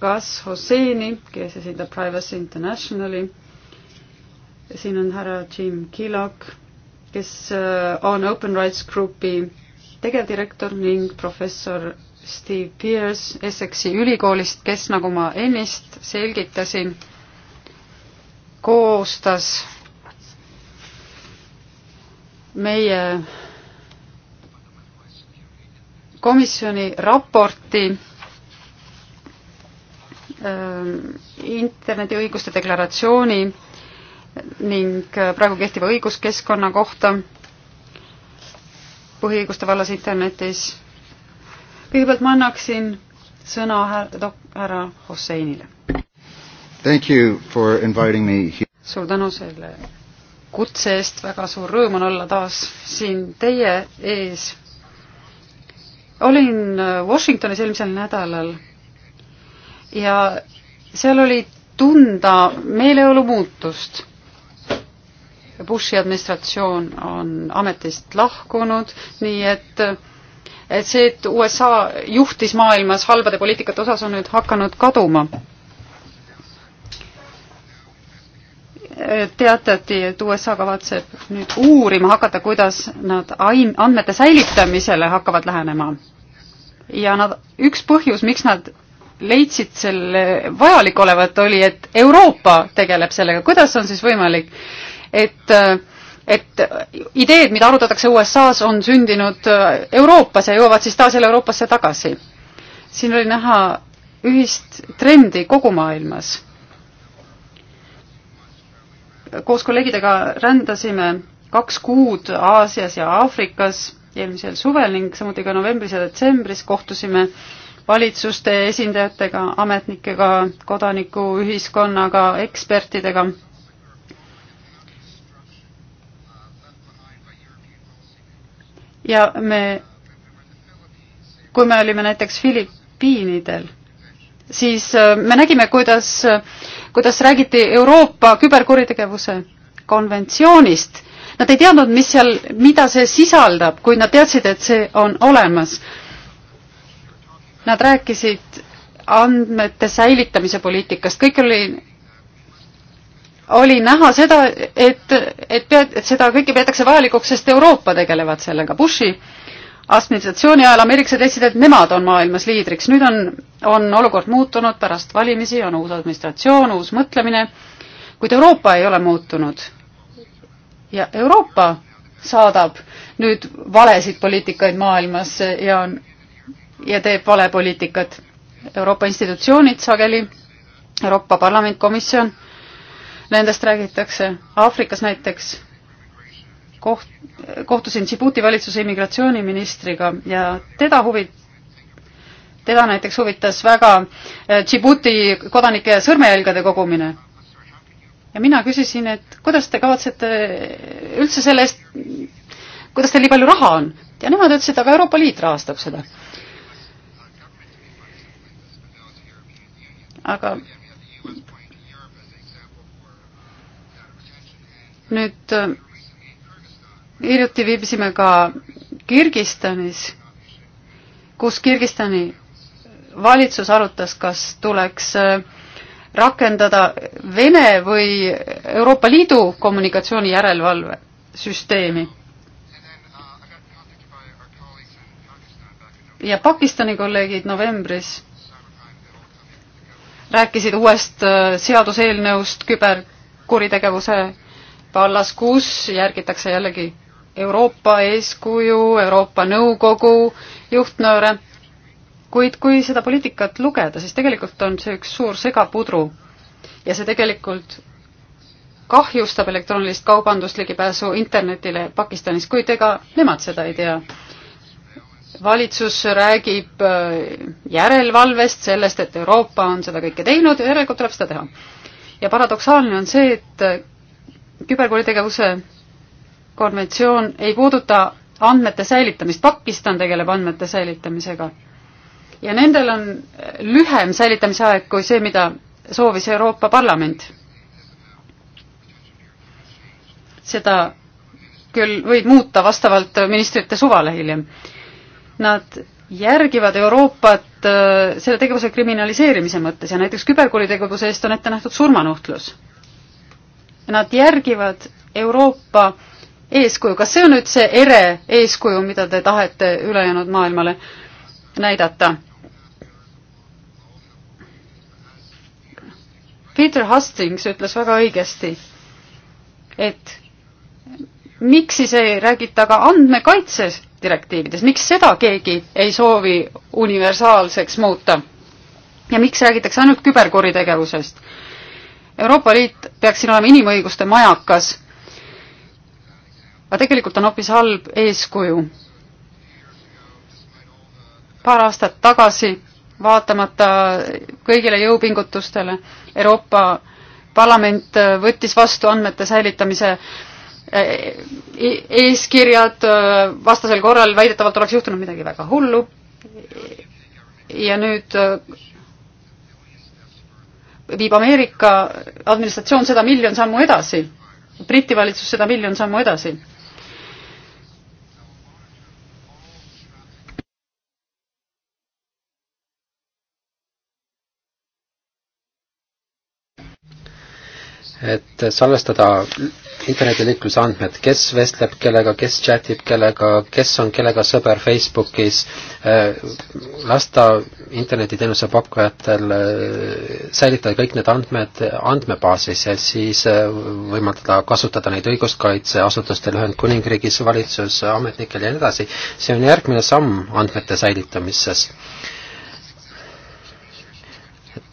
Gas Hosseini, kes esindab Privacy Internationali. siin on härra Jim Kilok, kes äh, on Open Rights Groupi tegevdirektor ning professor Steve Pears Essexi ülikoolist, kes, nagu ma ennist selgitasin, koostas meie komisjoni raporti ähm, internetiõiguste deklaratsiooni ning äh, praegu kehtiva õiguskeskkonna kohta põhiõiguste vallas internetis kõigepealt ma annaksin sõna härra Hosseinile. suur tänu selle kutse eest, väga suur rõõm on olla taas siin teie ees. olin äh, Washingtonis eelmisel nädalal ja seal oli tunda meeleolu muutust. Bushi administratsioon on ametist lahkunud, nii et äh, et see, et USA juhtis maailmas halbade poliitikate osas, on nüüd hakanud kaduma. teatati, et USA kavatseb nüüd uurima hakata, kuidas nad ain-, andmete säilitamisele hakkavad lähenema. ja nad, üks põhjus, miks nad leidsid selle vajalik olevat, oli, et Euroopa tegeleb sellega. kuidas on siis võimalik, et äh, et ideed, mida arutatakse USA-s, on sündinud äh, Euroopas ja jõuavad siis taas jälle Euroopasse tagasi. siin oli näha ühist trendi kogu maailmas. koos kolleegidega rändasime kaks kuud Aasias ja Aafrikas eelmisel suvel ning samuti ka novembris ja detsembris kohtusime valitsuste esindajatega, ametnikega, kodanikuühiskonnaga, ekspertidega ja me, kui me olime näiteks Filipiinidel, siis äh, me nägime, kuidas, äh, kuidas räägiti Euroopa küberkuritegevuse konventsioonist. Nad ei teadnud, mis seal, mida see sisaldab, kuid nad teadsid, et see on olemas. Nad rääkisid andmete säilitamise poliitikast, kõik oli oli näha seda, et, et pead, et seda kõike peetakse vajalikuks, sest Euroopa tegelevad sellega. Bushi administratsiooni ajal ameeriklased leidsid, et nemad on maailmas liidriks. nüüd on, on olukord muutunud pärast valimisi, on uus administratsioon, uus mõtlemine, kuid Euroopa ei ole muutunud. ja Euroopa saadab nüüd valesid poliitikaid maailmas ja on, ja teeb valepoliitikat. Euroopa institutsioonid sageli, Euroopa Parlament, komisjon nendest räägitakse. Aafrikas näiteks koht, kohtusin Djibouti valitsuse immigratsiooniministriga ja teda huvi-, teda näiteks huvitas väga eh, Djibouti kodanike sõrmejälgede kogumine. ja mina küsisin, et kuidas te kavatsete üldse selle eest, kuidas teil nii palju raha on? ja nemad ütlesid, aga Euroopa Liit rahastab seda. aga nüüd äh, hiljuti viibisime ka Kirgistanis, kus Kirgistani valitsus arutas, kas tuleks äh, rakendada Vene või Euroopa Liidu kommunikatsiooni järelevalvesüsteemi. ja Pakistani kolleegid novembris rääkisid uuest äh, seaduseelnõust küberkuritegevuse vallas, kus järgitakse jällegi Euroopa eeskuju, Euroopa Nõukogu juhtnööre, kuid kui seda poliitikat lugeda, siis tegelikult on see üks suur segapudru ja see tegelikult kahjustab elektroonilist kaubandust, ligipääsu internetile Pakistanis, kuid ega nemad seda ei tea. valitsus räägib äh, järelevalvest, sellest, et Euroopa on seda kõike teinud ja järelikult tuleb seda teha. ja paradoksaalne on see, et küberkuritegevuse konventsioon ei puuduta andmete säilitamist, Pakistan tegeleb andmete säilitamisega. ja nendel on lühem säilitamise aeg kui see, mida soovis Euroopa Parlament. seda küll võib muuta vastavalt ministrite suvale hiljem. Nad järgivad Euroopat äh, selle tegevuse kriminaliseerimise mõttes ja näiteks küberkuritegevuse eest on ette nähtud surmanuhtlus nad järgivad Euroopa eeskuju, kas see on nüüd see ere eeskuju, mida te tahate ülejäänud maailmale näidata? Peter Hastings ütles väga õigesti, et miks siis ei räägita ka andmekaitses direktiivides, miks seda keegi ei soovi universaalseks muuta? ja miks räägitakse ainult küberkuritegevusest? Euroopa Liit peaks siin olema inimõiguste majakas, aga tegelikult on hoopis halb eeskuju. paar aastat tagasi, vaatamata kõigile jõupingutustele, Euroopa Parlament võttis vastu andmete säilitamise eh, e-, eeskirjad, eh, vastasel korral väidetavalt oleks juhtunud midagi väga hullu ja nüüd viib Ameerika administratsioon seda miljon sammu edasi, Briti valitsus seda miljon sammu edasi et salvestada internetiliikluse andmed, kes vestleb kellega, kes chatib kellega, kes on kellega sõber Facebookis, äh, lasta internetiteenuse pakkujatel äh, säilitada kõik need andmed andmebaasis ja siis äh, võimaldada kasutada neid õiguskaitseasutustel Ühendkuningriigis, valitsusametnikel ja nii edasi. see on järgmine samm andmete säilitamises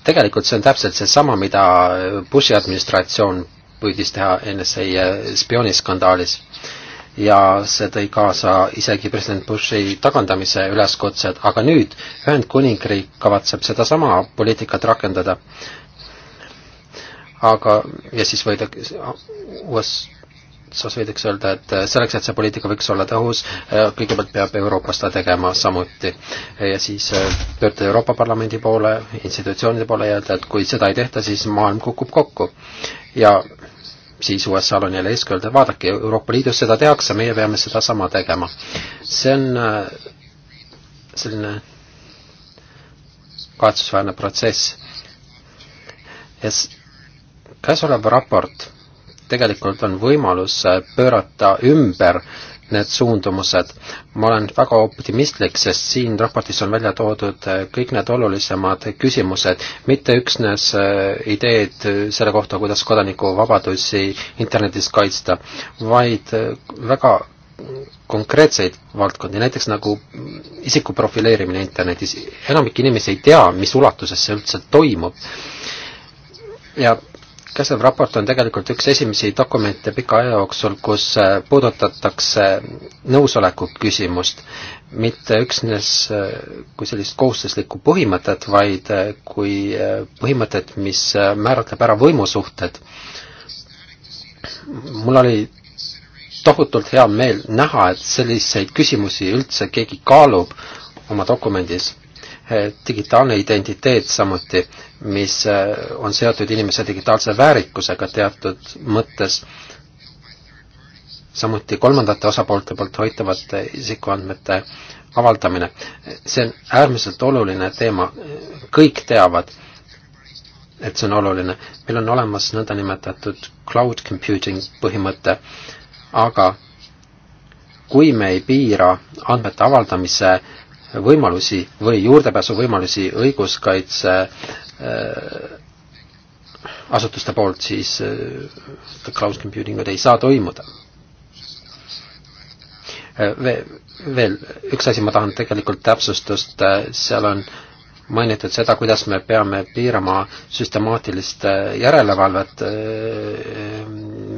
tegelikult see on täpselt seesama, mida Bushi administratsioon püüdis teha NSA spiooniskandaalis ja see tõi kaasa isegi president Bushi tagandamise üleskutsed, aga nüüd Ühendkuningriik kavatseb sedasama poliitikat rakendada. aga, ja siis võidakse, USA otsas võidakse öelda, et äh, selleks, et see poliitika võiks olla tõhus, äh, kõigepealt peab Euroopa seda tegema samuti. ja siis äh, pöörduda Euroopa Parlamendi poole, institutsioonide poole ja öelda, et kui seda ei tehta, siis maailm kukub kokku. ja siis USA-l on jälle eeskuju öelda, vaadake, Euroopa Liidus seda tehakse, meie peame sedasama tegema. see on selline kahetsusväärne protsess. ja käesolev raport tegelikult on võimalus äh, pöörata ümber need suundumused. ma olen väga optimistlik, sest siin raportis on välja toodud äh, kõik need olulisemad küsimused, mitte üksnes äh, ideed selle kohta, kuidas kodanikuvabadusi internetis kaitsta, vaid väga konkreetseid valdkondi, näiteks nagu isiku profileerimine internetis. enamik inimesi ei tea, mis ulatuses see üldse toimub. ja käesolev raport on tegelikult üks esimesi dokumente pika aja jooksul, kus äh, puudutatakse nõusoleku küsimust. mitte üksnes äh, kui sellist kohustuslikku põhimõtet, vaid äh, kui põhimõtet, mis määratleb ära võimusuhted. mul oli tohutult hea meel näha, et selliseid küsimusi üldse keegi kaalub oma dokumendis. digitaalne identiteet samuti mis äh, on seotud inimese digitaalse väärikusega teatud mõttes, samuti kolmandate osapoolte poolt hoitavate isikuandmete avaldamine. see on äärmiselt oluline teema, kõik teavad, et see on oluline. meil on olemas nõndanimetatud cloud computing põhimõte, aga kui me ei piira andmete avaldamise võimalusi või juurdepääsuvõimalusi õiguskaitse äh, asutuste poolt, siis äh, cloud computing ud ei saa toimuda. Äh, veel üks asi, ma tahan tegelikult täpsustust, seal on äh, mainitud seda, kuidas me peame piirama süstemaatilist äh, järelevalvet, äh,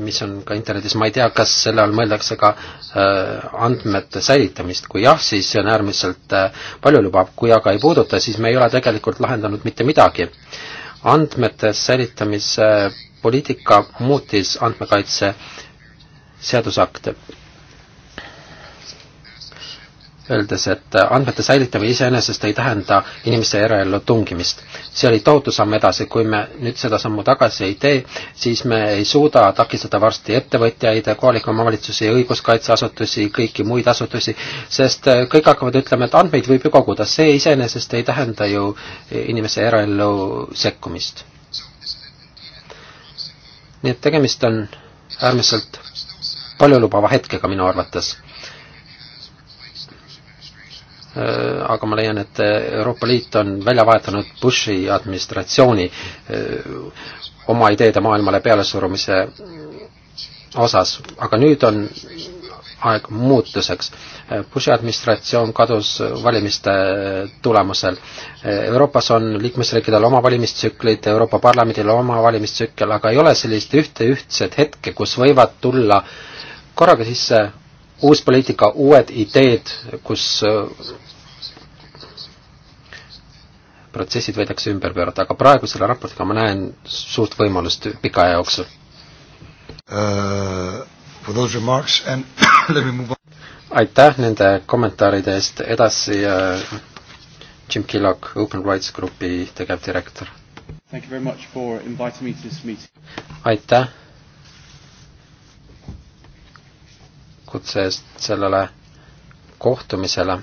mis on ka internetis, ma ei tea, kas selle all mõeldakse ka äh, andmete säilitamist, kui jah, siis see on äärmiselt paljulubav, kui aga ei puuduta, siis me ei ole tegelikult lahendanud mitte midagi. andmete säilitamise poliitika muutis andmekaitse seadusakte öeldes, et andmete säilitamine iseenesest ei tähenda inimese eraellu tungimist. see oli tohutu samm edasi, kui me nüüd seda sammu tagasi ei tee, siis me ei suuda takistada varsti ettevõtjaid, kohalikke omavalitsusi, õiguskaitseasutusi, kõiki muid asutusi, sest kõik hakkavad ütlema, et andmeid võib ju koguda, see iseenesest ei tähenda ju inimese eraellu sekkumist. nii et tegemist on äärmiselt paljulubava hetkega minu arvates Äh, aga ma leian, et äh, Euroopa Liit on välja vahetanud Bushi administratsiooni äh, oma ideede maailmale pealesurumise osas, aga nüüd on aeg muutuseks. Bushi administratsioon kadus valimiste tulemusel. Euroopas on liikmesriikidel oma valimistsüklid, Euroopa Parlamendil oma valimistsükkel, aga ei ole sellist ühte ühtset hetke, kus võivad tulla korraga sisse uus poliitika, uued ideed, kus äh, protsessid võidakse ümber pöörata, aga praegu selle raportiga ma näen suurt võimalust pika aja jooksul uh,. aitäh nende kommentaaride eest, edasi uh, Jim Killock, Open Rights Grupi tegevdirektor. aitäh kutse eest sellele kohtumisele.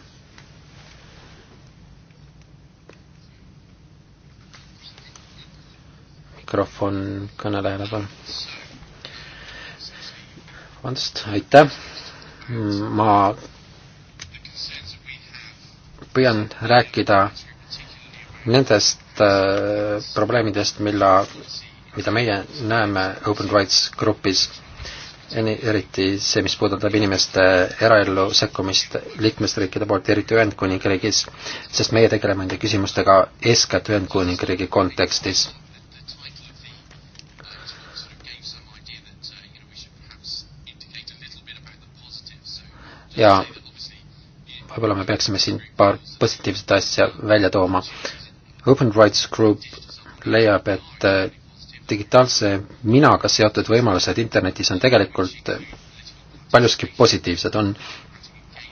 mikrofon kõnelejale, palun. vabandust, aitäh. ma püüan rääkida nendest äh, probleemidest, mille, mida meie näeme Open Rights grupis eriti see, mis puudutab inimeste eraellu sekkumist liikmesriikide poolt, eriti Ühendkuningriigis, sest meie tegeleme nende küsimustega eeskätt Ühendkuningriigi kontekstis. ja võib-olla me peaksime siin paar positiivset asja välja tooma. Open Rights Group leiab, et digitaalse minaga seotud võimalused internetis on tegelikult paljuski positiivsed, on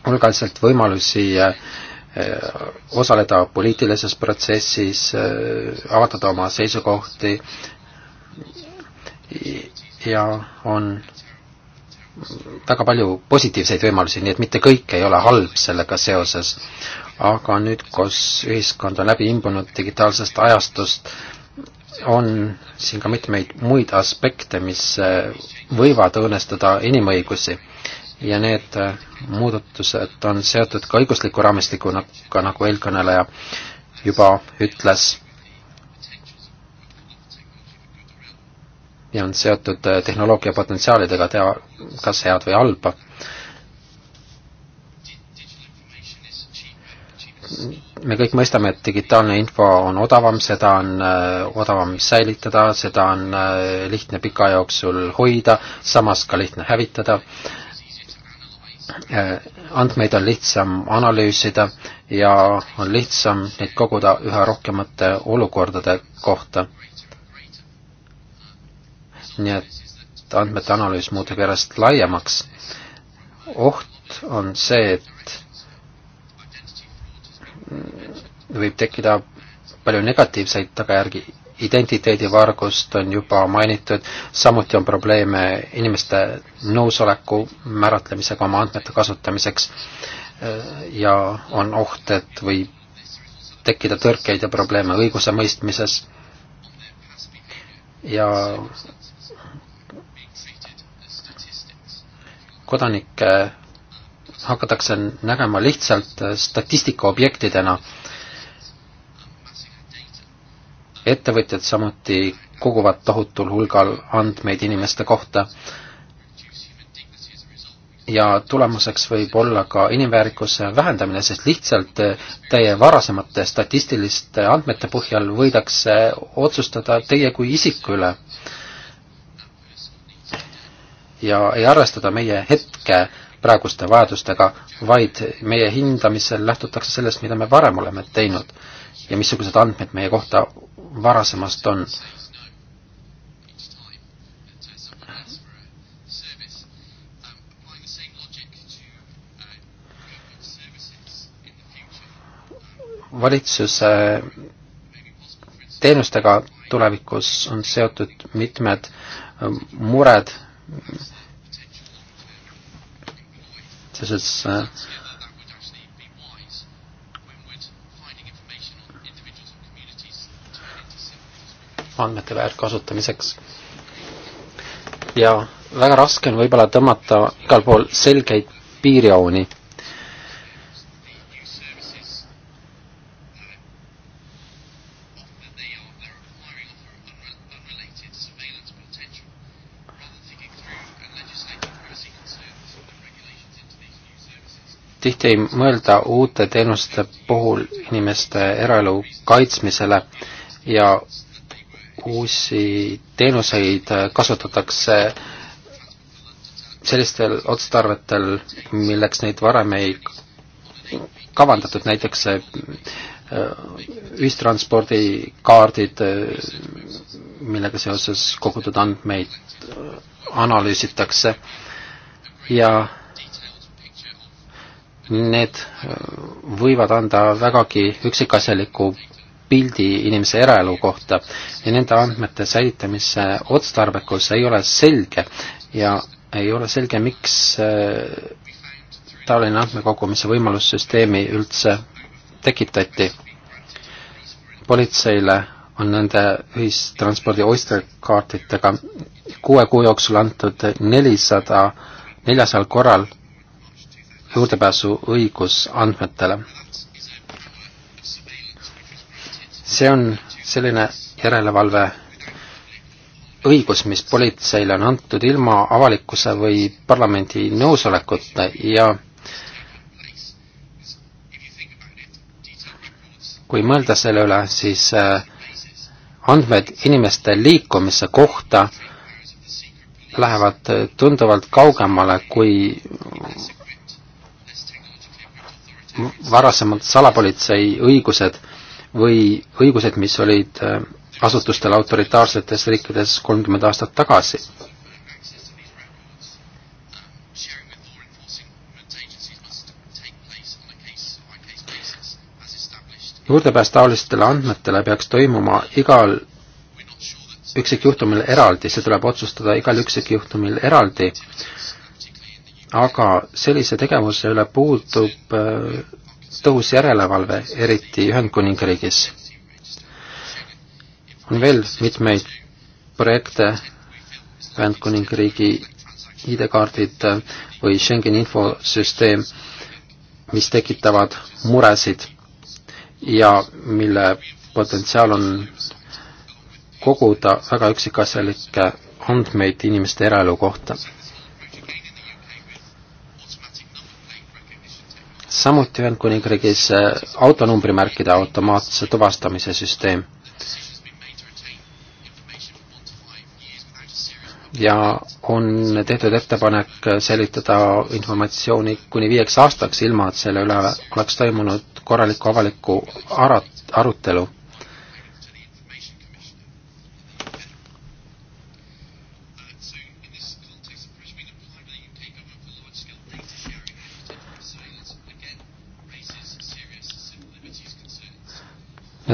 hulgaliselt võimalusi eh, osaleda poliitilises protsessis, eh, avaldada oma seisukohti ja on väga palju positiivseid võimalusi, nii et mitte kõik ei ole halb sellega seoses. aga nüüd, kus ühiskond on läbi imbunud digitaalsest ajastust, on siin ka mitmeid muid aspekte, mis äh, võivad õõnestada inimõigusi ja need äh, muudatused on seotud ka õigusliku raamistikuga, nagu, nagu eelkõneleja juba ütles. ja on seotud äh, tehnoloogia potentsiaalidega teha kas head või halba me kõik mõistame, et digitaalne info on odavam, seda on äh, odavam säilitada, seda on äh, lihtne pika jooksul hoida, samas ka lihtne hävitada. Äh, andmeid on lihtsam analüüsida ja on lihtsam neid koguda üha rohkemate olukordade kohta. nii et andmete analüüs muutub järjest laiemaks. oht on see, et võib tekkida palju negatiivseid tagajärgi, identiteedivargust on juba mainitud, samuti on probleeme inimeste nõusoleku määratlemisega oma andmete kasutamiseks äh, ja on oht, et võib tekkida tõrkeid ja probleeme õigusemõistmises ja kodanike hakatakse nägema lihtsalt statistika objektidena. ettevõtjad samuti koguvad tohutul hulgal andmeid inimeste kohta ja tulemuseks võib olla ka inimväärikuse vähendamine, sest lihtsalt teie varasemate statistiliste andmete põhjal võidakse otsustada teie kui isiku üle. ja ei arvestada meie hetke praeguste vajadustega, vaid meie hindamisel lähtutakse sellest, mida me varem oleme teinud ja missugused andmed meie kohta varasemast on. valitsuse teenustega tulevikus on seotud mitmed mured, selles uh, andmete väärkasutamiseks. ja väga raske on võib-olla tõmmata igal pool selgeid piirjooni tihti ei mõelda uute teenuste puhul inimeste eraelu kaitsmisele ja uusi teenuseid kasutatakse sellistel otstarvetel, milleks neid varem ei kavandatud, näiteks äh, ühistranspordikaardid, äh, millega seoses kogutud andmeid äh, analüüsitakse ja need äh, võivad anda vägagi üksikasjaliku pildi inimese eraelu kohta ja nende andmete säilitamise otstarbekus ei ole selge ja ei ole selge, miks äh, taoline andmekogumise võimalussüsteemi üldse tekitati. politseile on nende ühistranspordi Oyster-kaartidega kuue kuu jooksul antud nelisada, neljasajal korral juurdepääsuõigus andmetele. see on selline järelevalve õigus, mis politseile on antud ilma avalikkuse või parlamendi nõusolekuta ja kui mõelda selle üle, siis äh, andmed inimeste liikumise kohta lähevad tunduvalt kaugemale kui varasemalt salapolitsei õigused või õigused, mis olid äh, asutustel autoritaarsetes riikides kolmkümmend aastat tagasi. juurdepääs taolistele andmetele peaks toimuma igal üksikjuhtumil eraldi, see tuleb otsustada igal üksikjuhtumil eraldi aga sellise tegevuse üle puudub äh, tõhus järelevalve, eriti Ühendkuningriigis. on veel mitmeid projekte Ühendkuningriigi ID-kaardid äh, või Schengeni infosüsteem, mis tekitavad muresid ja mille potentsiaal on koguda väga üksikasjalikke andmeid inimeste eraelu kohta samuti Ühendkuningriigis äh, autonumbrimärkide automaatse tuvastamise süsteem. ja on tehtud ettepanek säilitada informatsiooni kuni viieks aastaks, ilma et selle üle oleks toimunud korralikku avalikku arat-, arutelu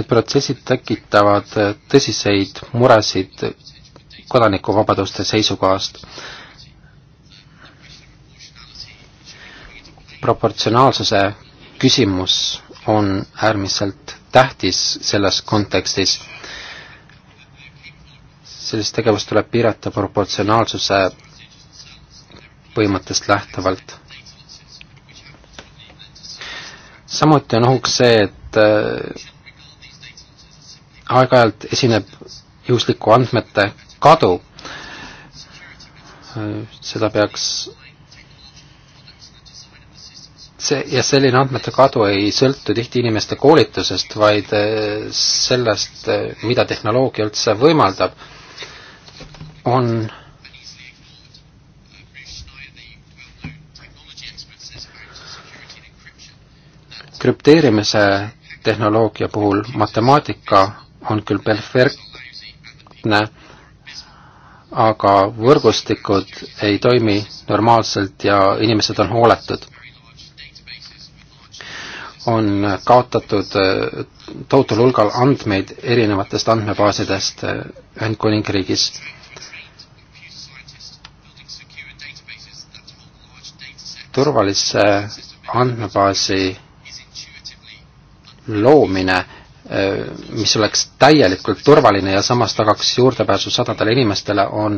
Need protsessid tekitavad tõsiseid muresid kodanikuvabaduste seisukohast. proportsionaalsuse küsimus on äärmiselt tähtis selles kontekstis. sellist tegevust tuleb piirata proportsionaalsuse põhimõttest lähtuvalt. samuti on ohuks see, et aeg-ajalt esineb juhuslikku andmete kadu. seda peaks see ja selline andmete kadu ei sõltu tihti inimeste koolitusest, vaid eh, sellest, eh, mida tehnoloogia üldse võimaldab, on krüpteerimise tehnoloogia puhul matemaatika on küll perfektne, aga võrgustikud ei toimi normaalselt ja inimesed on hooletud. on kaotatud äh, tohutul hulgal andmeid erinevatest andmebaasidest äh, Ühendkuningriigis. turvalisse andmebaasi loomine Äh, mis oleks täielikult turvaline ja samas tagaks juurdepääsu sadadele inimestele, on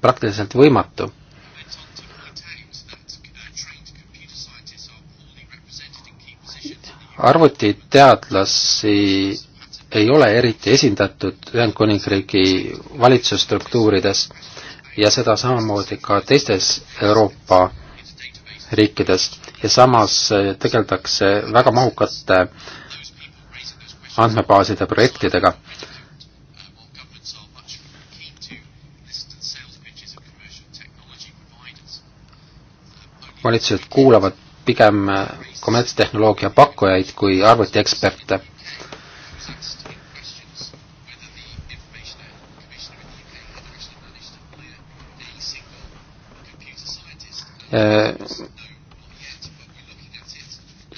praktiliselt võimatu. arvutiteadlasi ei ole eriti esindatud Ühendkuningriigi valitsusstruktuurides ja seda samamoodi ka teistes Euroopa riikides ja samas tegeldakse väga mahukate äh, andmebaaside projektidega. valitsused kuulavad pigem kommertstehnoloogia pakkujaid kui arvutieksperte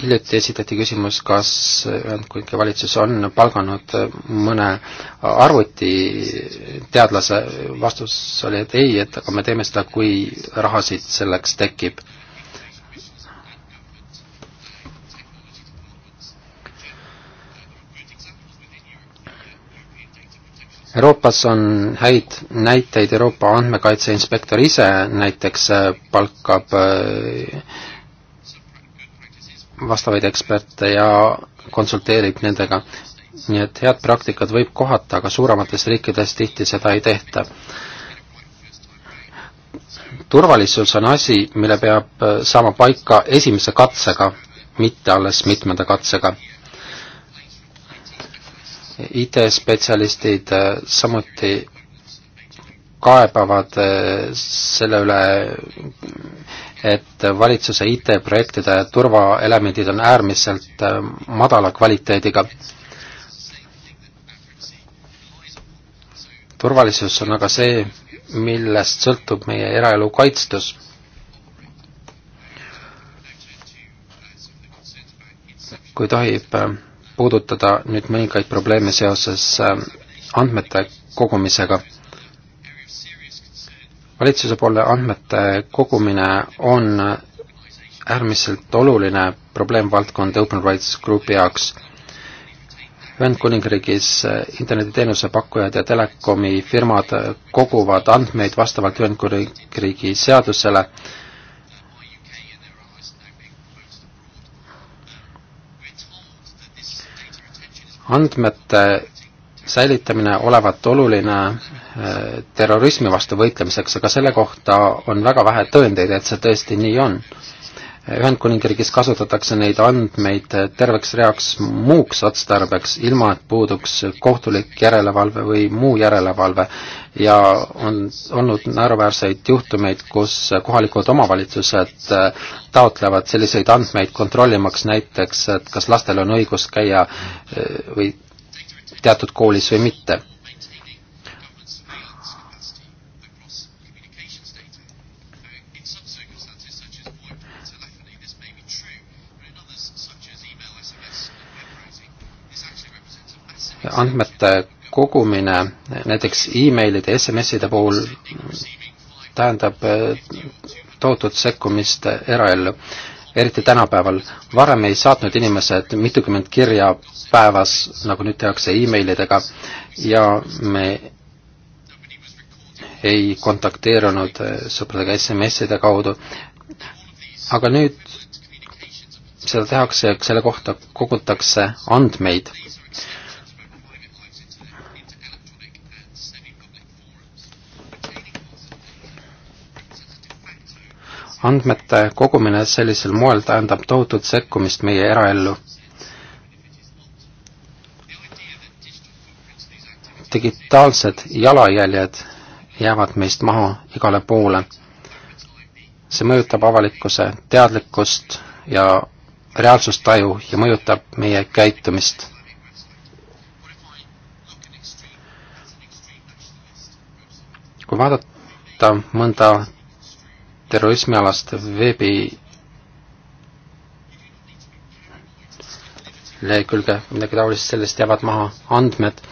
hiljuti esitati küsimus, kas Ühendkuningriigi valitsus on palganud mõne arvutiteadlase, vastus oli, et ei, et aga me teeme seda, kui rahasid selleks tekib. Euroopas on häid näiteid, Euroopa andmekaitse inspektor ise näiteks palkab äh, vastavaid eksperte ja konsulteerib nendega. nii et head praktikat võib kohata, aga suuremates riikides tihti seda ei tehta. turvalisus on asi, mille peab äh, saama paika esimese katsega, mitte alles mitmenda katsega. IT-spetsialistid äh, samuti kaebavad äh, selle üle, et valitsuse IT-projektide turvaelemendid on äärmiselt äh, madala kvaliteediga. turvalisus on aga see, millest sõltub meie eraelu kaitstus. kui tohib äh, puudutada nüüd mõningaid probleeme seoses äh, andmete kogumisega valitsuse poole andmete kogumine on äärmiselt oluline probleemvaldkond Open Rights Groupi jaoks. Ühendkuningriigis internetiteenuse pakkujad ja telekomi firmad koguvad andmeid vastavalt Ühendkuningriigi seadusele andmete säilitamine olevat oluline äh, terrorismi vastu võitlemiseks, aga selle kohta on väga vähe tõendeid, et see tõesti nii on. Ühendkuningriigis kasutatakse neid andmeid terveks reaks muuks otstarbeks, ilma et puuduks kohtulik järelevalve või muu järelevalve ja on olnud naeruväärseid juhtumeid, kus kohalikud omavalitsused äh, taotlevad selliseid andmeid kontrollimaks näiteks, et kas lastel on õigus käia äh, või teatud koolis või mitte. andmete kogumine näiteks emailide ja SMS-ide puhul tähendab äh, tohutut sekkumist eraellu eriti tänapäeval. varem ei saatnud inimesed mitukümmend kirja päevas, nagu nüüd tehakse emailidega ja me ei kontakteerunud eh, sõpradega SMS-ide kaudu. aga nüüd seda tehakse, selle kohta kogutakse andmeid andmete kogumine sellisel moel tähendab tohutut sekkumist meie eraellu. digitaalsed jalajäljed jäävad meist maha igale poole. see mõjutab avalikkuse teadlikkust ja reaalsustaju ja mõjutab meie käitumist. kui vaadata mõnda terrorismialast veebi lehekülge, midagi taolist, sellest jäävad maha andmed.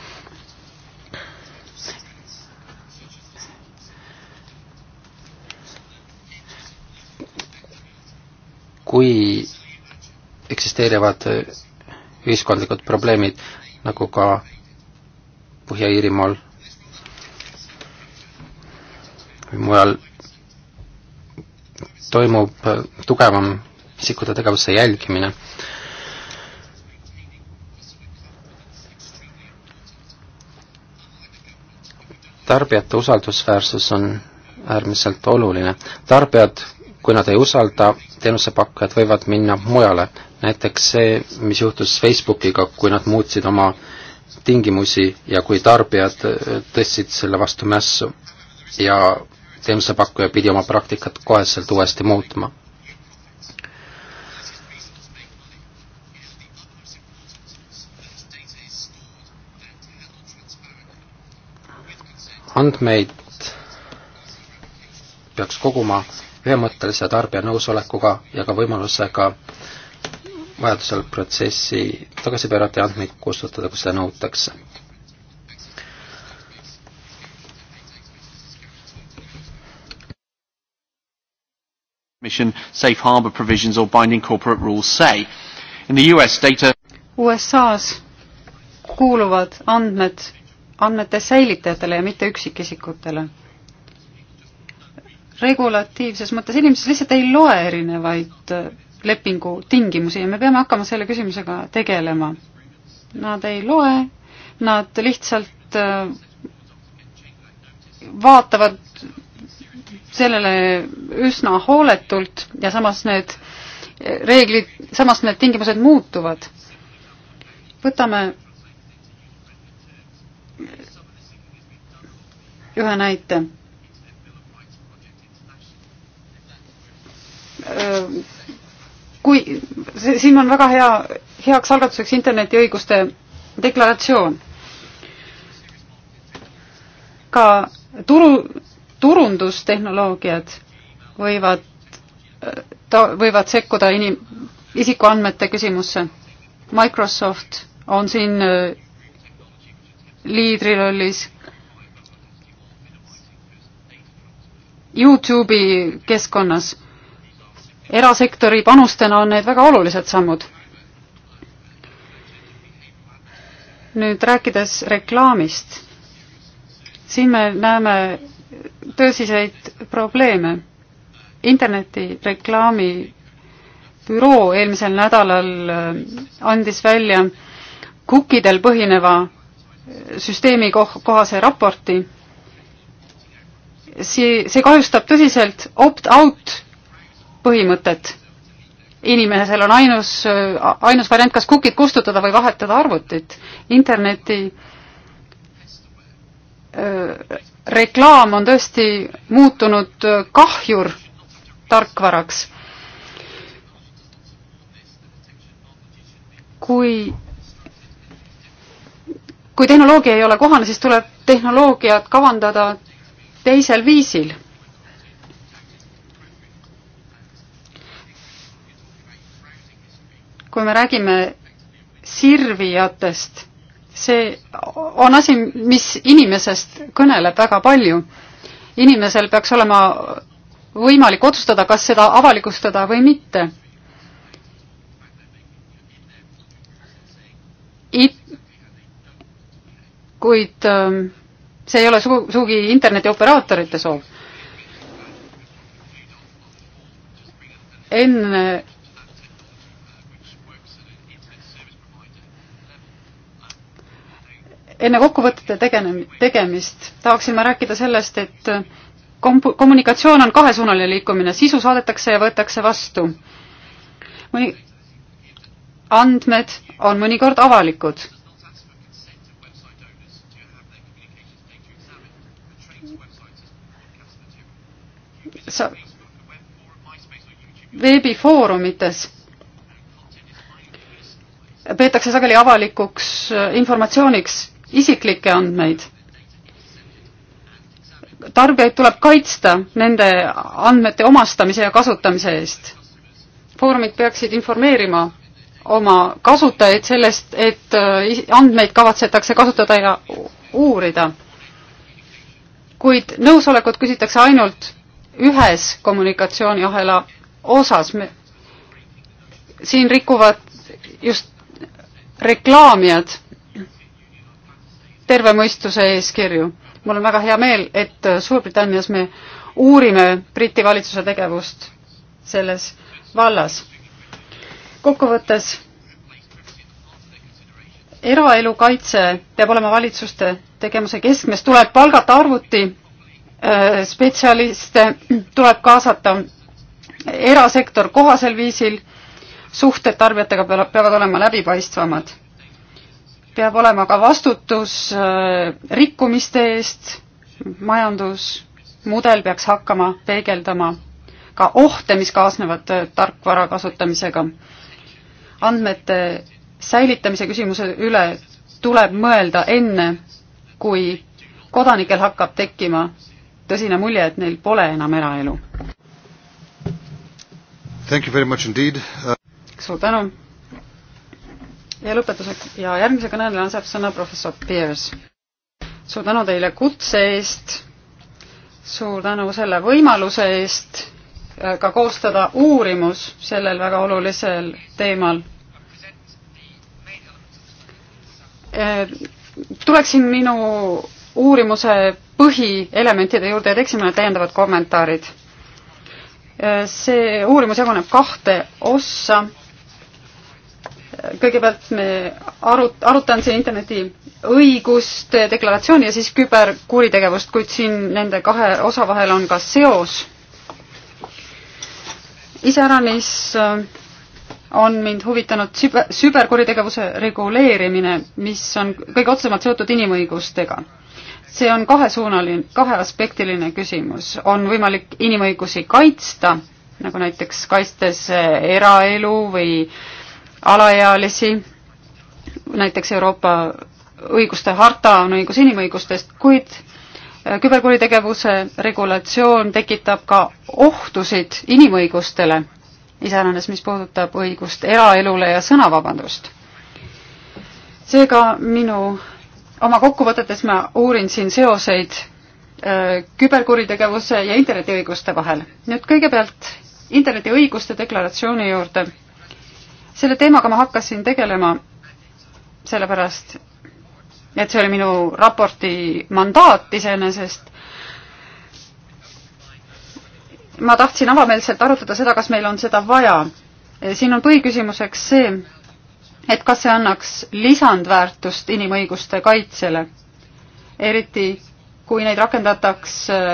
kui eksisteerivad ühiskondlikud probleemid, nagu ka Põhja-Iirimaal või mujal toimub äh, tugevam isikute tegevuse jälgimine. tarbijate usaldusväärsus on äärmiselt oluline. tarbijad, kui nad ei usalda, teenusepakkujad võivad minna mujale. näiteks see, mis juhtus Facebookiga, kui nad muutsid oma tingimusi ja kui tarbijad äh, tõstsid selle vastu mässu ja teenusepakkuja pidi oma praktikat koheselt uuesti muutma. andmeid peaks koguma ühemõttelise tarbija nõusolekuga ja ka võimalusega vajadusel protsessi tagasi pöörata ja andmeid kustutada, kui seda nõutakse Commission safe harbor provisions or binding corporate rules say. In the US data USA-s kuuluvad andmed andmete säilitajatele ja mitte üksikisikutele. regulatiivses mõttes inimesed lihtsalt ei loe erinevaid äh, lepingu tingimusi ja me peame hakkama selle küsimusega tegelema. Nad ei loe, nad lihtsalt äh, vaatavad sellele üsna hooletult ja samas need reeglid, samas need tingimused muutuvad. võtame ühe näite. kui, siin on väga hea, heaks algatuseks internetiõiguste deklaratsioon. ka turu turundustehnoloogiad võivad, ta-, võivad sekkuda inim-, isikuandmete küsimusse. Microsoft on siin äh, liidrirollis. Youtube'i keskkonnas. erasektori panustena on need väga olulised sammud. nüüd rääkides reklaamist, siin me näeme tõsiseid probleeme. internetireklaami büroo eelmisel nädalal äh, andis välja kukkidel põhineva äh, süsteemi koh-, kohase raporti, see, see kahjustab tõsiselt opt-out põhimõtet. inimesel on ainus, äh, ainus variant, kas kukid kustutada või vahetada arvutit. interneti öö, reklaam on tõesti muutunud kahjur tarkvaraks. kui, kui tehnoloogia ei ole kohane, siis tuleb tehnoloogiat kavandada teisel viisil. kui me räägime sirvijatest see on asi, mis inimesest kõneleb väga palju. inimesel peaks olema võimalik otsustada, kas seda avalikustada või mitte. kuid ähm, see ei ole su-, sugugi internetioperaatorite soov. enne enne kokkuvõtete tegene-, tegemist tahaksin ma rääkida sellest, et komp-, kommunikatsioon on kahesuunaline liikumine, sisu saadetakse ja võetakse vastu. mõni, andmed on mõnikord avalikud. sa veebifoorumites peetakse sageli avalikuks informatsiooniks isiklikke andmeid. tarbijaid tuleb kaitsta nende andmete omastamise ja kasutamise eest. Foorumid peaksid informeerima oma kasutajaid sellest, et äh, andmeid kavatsetakse kasutada ja uurida. kuid nõusolekut küsitakse ainult ühes kommunikatsiooniahela osas. siin rikuvad just reklaamijad terve mõistuse eeskirju. mul on väga hea meel, et Suurbritannias me uurime Briti valitsuse tegevust selles vallas. kokkuvõttes eraelu kaitse peab olema valitsuste tegevuse keskmes, tuleb palgata arvuti, äh, spetsialiste tuleb kaasata erasektor kohasel viisil, suhted tarbijatega peavad olema läbipaistvamad peab olema ka vastutus äh, rikkumiste eest, majandusmudel peaks hakkama peegeldama ka ohte, mis kaasnevad äh, tarkvara kasutamisega. andmete säilitamise küsimuse üle tuleb mõelda enne, kui kodanikel hakkab tekkima tõsine mulje, et neil pole enam eraelu. suur tänu! ja lõpetuseks ja järgmise kõnelejana saab sõna professor Pierce. suur tänu teile kutse eest, suur tänu selle võimaluse eest äh, ka koostada uurimus sellel väga olulisel teemal. Äh, tuleksin minu uurimuse põhielementide juurde ja teeksin mõned täiendavad kommentaarid. Äh, see uurimus jaguneb kahte ossa kõigepealt me arut-, arutan siin interneti õiguste deklaratsiooni ja siis küberkuritegevust, kuid siin nende kahe osa vahel on ka seos. iseäranis äh, on mind huvitanud süber, süberkuritegevuse reguleerimine, mis on kõige otsesemalt seotud inimõigustega. see on kahesuunaline, kaheaspektiline küsimus, on võimalik inimõigusi kaitsta, nagu näiteks kaitstes eraelu või äh, alaealisi, näiteks Euroopa õiguste harta on õigus inimõigustest, kuid äh, küberkuritegevuse regulatsioon tekitab ka ohtusid inimõigustele, iseäranis mis puudutab õigust eraelule ja sõnavabandust. seega minu, oma kokkuvõtetes ma uurin siin seoseid äh, küberkuritegevuse ja internetiõiguste vahel. nüüd kõigepealt internetiõiguste deklaratsiooni juurde selle teemaga ma hakkasin tegelema sellepärast, et see oli minu raporti mandaat iseenesest. ma tahtsin avameelselt arutada seda, kas meil on seda vaja. siin on põhiküsimuseks see, et kas see annaks lisandväärtust inimõiguste kaitsele, eriti kui neid rakendataks äh,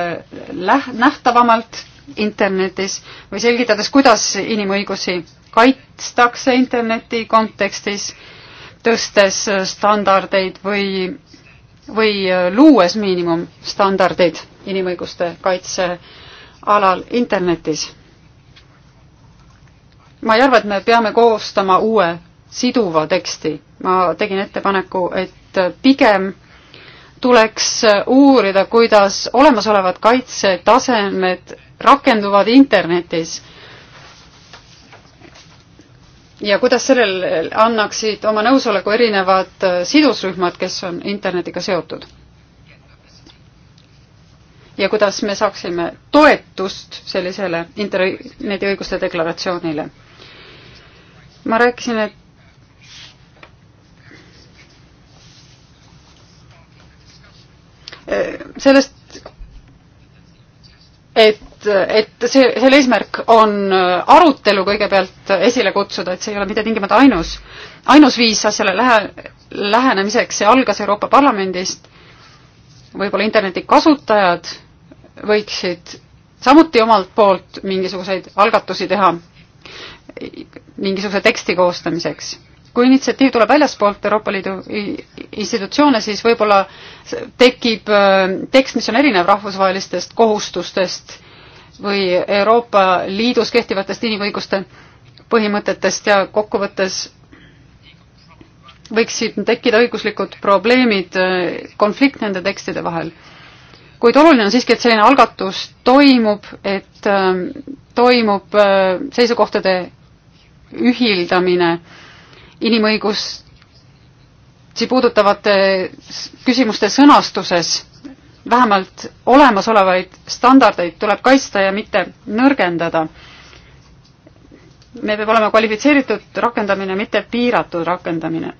läht-, nähtavamalt internetis või selgitades, kuidas inimõigusi kaitstakse interneti kontekstis, tõstes standardeid või, või luues miinimumstandardeid inimõiguste kaitse alal internetis. ma ei arva, et me peame koostama uue siduva teksti. ma tegin ettepaneku, et pigem tuleks uurida, kuidas olemasolevad kaitsetasemed rakenduvad internetis ja kuidas sellel annaksid oma nõusoleku erinevad äh, sidusrühmad, kes on internetiga seotud? ja kuidas me saaksime toetust sellisele internetiõiguste deklaratsioonile? ma rääkisin, et äh, sellest, et et see, selle eesmärk on äh, arutelu kõigepealt esile kutsuda, et see ei ole mitte tingimata ainus, ainus viis asjale lähe, lähenemiseks, see algas Euroopa Parlamendist, võib-olla interneti kasutajad võiksid samuti omalt poolt mingisuguseid algatusi teha mingisuguse teksti koostamiseks. kui initsiatiiv tuleb väljaspoolt Euroopa Liidu institutsioone, siis võib-olla tekib äh, tekst, mis on erinev rahvusvahelistest kohustustest või Euroopa Liidus kehtivatest inimõiguste põhimõtetest ja kokkuvõttes võiksid tekkida õiguslikud probleemid, äh, konflikt nende tekstide vahel. kuid oluline on siiski, et selline algatus toimub, et äh, toimub äh, seisukohtade ühildamine inimõigusi puudutavate küsimuste sõnastuses vähemalt olemasolevaid standardeid tuleb kaitsta ja mitte nõrgendada. meil peab olema kvalifitseeritud rakendamine, mitte piiratud rakendamine.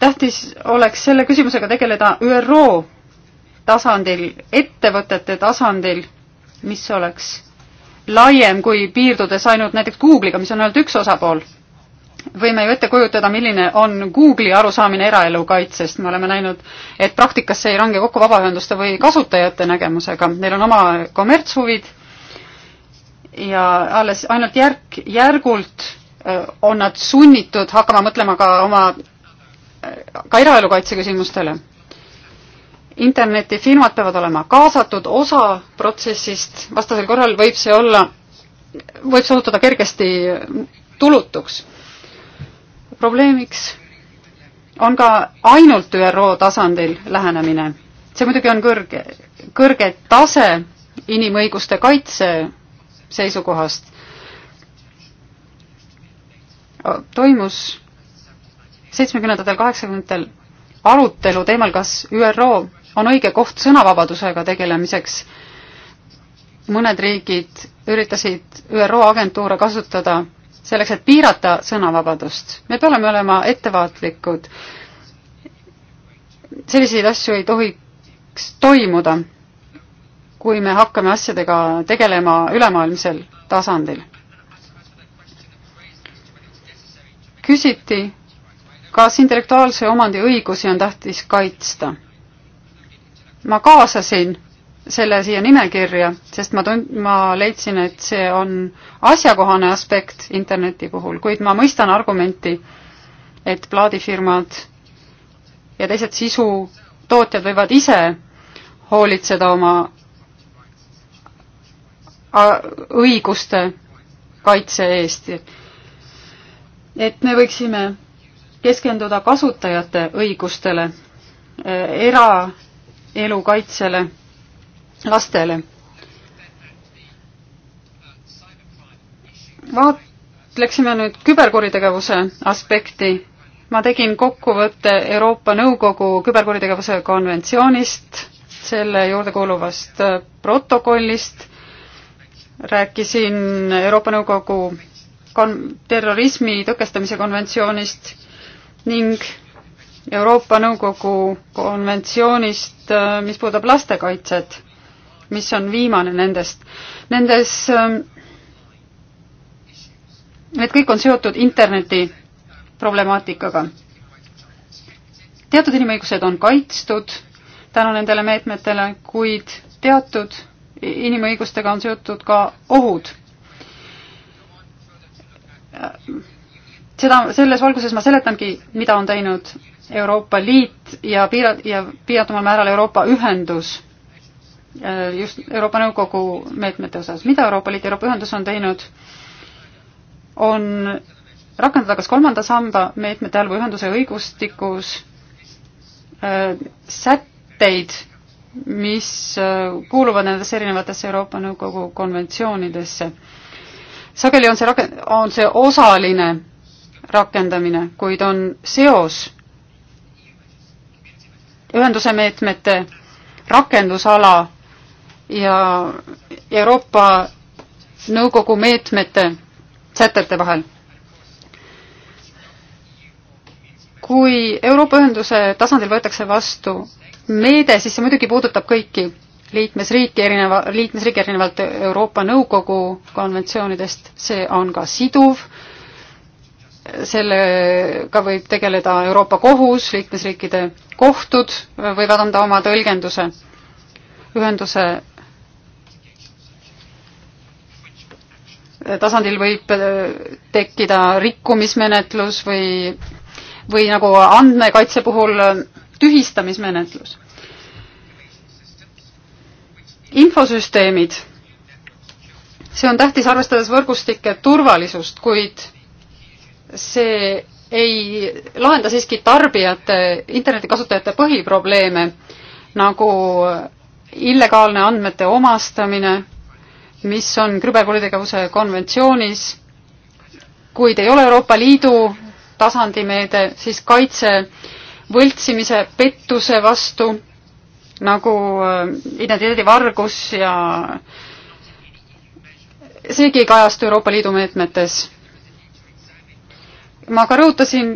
tähtis oleks selle küsimusega tegeleda ÜRO tasandil, ettevõtete tasandil, mis oleks laiem kui piirdudes ainult näiteks Google'iga, mis on ainult üks osapool võime ju ette kujutada, milline on Google'i arusaamine eraelu kaitsest, me oleme näinud, et praktikas see ei lange kokku vabaühenduste või kasutajate nägemusega, neil on oma kommertshuvid ja alles ainult järk, järgult on nad sunnitud hakkama mõtlema ka oma, ka eraelu kaitse küsimustele. internetifirmad peavad olema kaasatud osa protsessist, vastasel korral võib see olla, võib see osutuda kergesti tulutuks probleemiks on ka ainult ÜRO tasandil lähenemine. see muidugi on kõrge, kõrge tase inimõiguste kaitse seisukohast. toimus seitsmekümnendatel, kaheksakümnendatel arutelu teemal, kas ÜRO on õige koht sõnavabadusega tegelemiseks. mõned riigid üritasid ÜRO agentuure kasutada selleks, et piirata sõnavabadust. me peame olema ettevaatlikud. selliseid asju ei tohiks toimuda, kui me hakkame asjadega tegelema ülemaailmsel tasandil. küsiti, kas intellektuaalse omandi õigusi on tähtis kaitsta. ma kaasasin selle siia nimekirja, sest ma tund-, ma leidsin, et see on asjakohane aspekt interneti puhul, kuid ma mõistan argumenti, et plaadifirmad ja teised sisutootjad võivad ise hoolitseda oma õiguste kaitse eest. et me võiksime keskenduda kasutajate õigustele, e, eraelu kaitsele lastele. vaatleksime nüüd küberkuritegevuse aspekti. ma tegin kokkuvõtte Euroopa Nõukogu küberkuritegevuse konventsioonist, selle juurde kuuluvast protokollist, rääkisin Euroopa Nõukogu kon-, terrorismi tõkestamise konventsioonist ning Euroopa Nõukogu konventsioonist, mis puudutab lastekaitset mis on viimane nendest. Nendes, need ähm, kõik on seotud interneti problemaatikaga. teatud inimõigused on kaitstud tänu nendele meetmetele, kuid teatud inimõigustega on seotud ka ohud. seda, selles valguses ma seletangi, mida on teinud Euroopa Liit ja piira-, ja piiratumal määral Euroopa Ühendus Äh, just Euroopa Nõukogu meetmete osas. mida Euroopa Liit ja Euroopa Ühendus on teinud, on rakendada kas kolmanda samba meetmete all või ühenduse õigustikus äh, sätteid, mis äh, kuuluvad nendesse erinevatesse Euroopa Nõukogu konventsioonidesse. sageli on see rak-, on see osaline rakendamine, kuid on seos ühenduse meetmete rakendusala ja Euroopa Nõukogu meetmete sätete vahel. kui Euroopa Ühenduse tasandil võetakse vastu meede, siis see muidugi puudutab kõiki liikmesriiki erineva, liikmesriik erinevalt Euroopa Nõukogu konventsioonidest, see on ka siduv, sellega võib tegeleda Euroopa Kohus, liikmesriikide kohtud võivad anda oma tõlgenduse ühenduse tasandil võib äh, tekkida rikkumismenetlus või, või nagu andmekaitse puhul äh, tühistamismenetlus. infosüsteemid, see on tähtis, arvestades võrgustike turvalisust, kuid see ei lahenda siiski tarbijate, internetikasutajate põhiprobleeme, nagu illegaalne andmete omastamine mis on küberkuritegevuse konventsioonis, kuid ei ole Euroopa Liidu tasandi meede, siis kaitse võltsimise, pettuse vastu, nagu äh, identiteedivargus ja seegi ei kajastu Euroopa Liidu meetmetes. ma ka rõhutasin,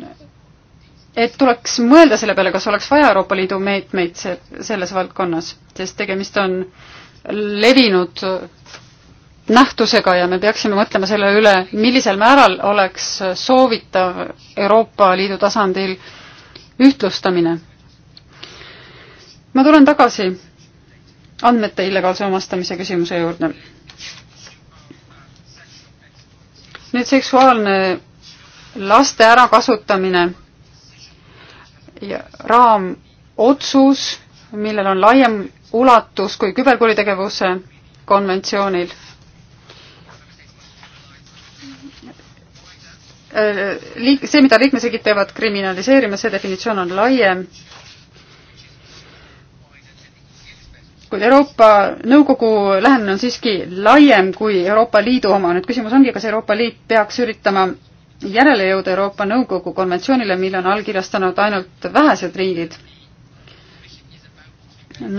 et tuleks mõelda selle peale, kas oleks vaja Euroopa Liidu meetmeid selles valdkonnas, sest tegemist on levinud nähtusega ja me peaksime mõtlema selle üle, millisel määral oleks soovitav Euroopa Liidu tasandil ühtlustamine. ma tulen tagasi andmete illegaalse omastamise küsimuse juurde. nüüd seksuaalne laste ärakasutamine ja raamotsus, millel on laiem ulatus kui küberkuritegevuse konventsioonil Äh, liik-, see, mida liikmesriigid peavad kriminaliseerima, see definitsioon on laiem. kuid Euroopa Nõukogu lähenemine on siiski laiem kui Euroopa Liidu oma. nüüd küsimus ongi, kas Euroopa Liit peaks üritama järele jõuda Euroopa Nõukogu konventsioonile, mille on allkirjastanud ainult vähesed riigid.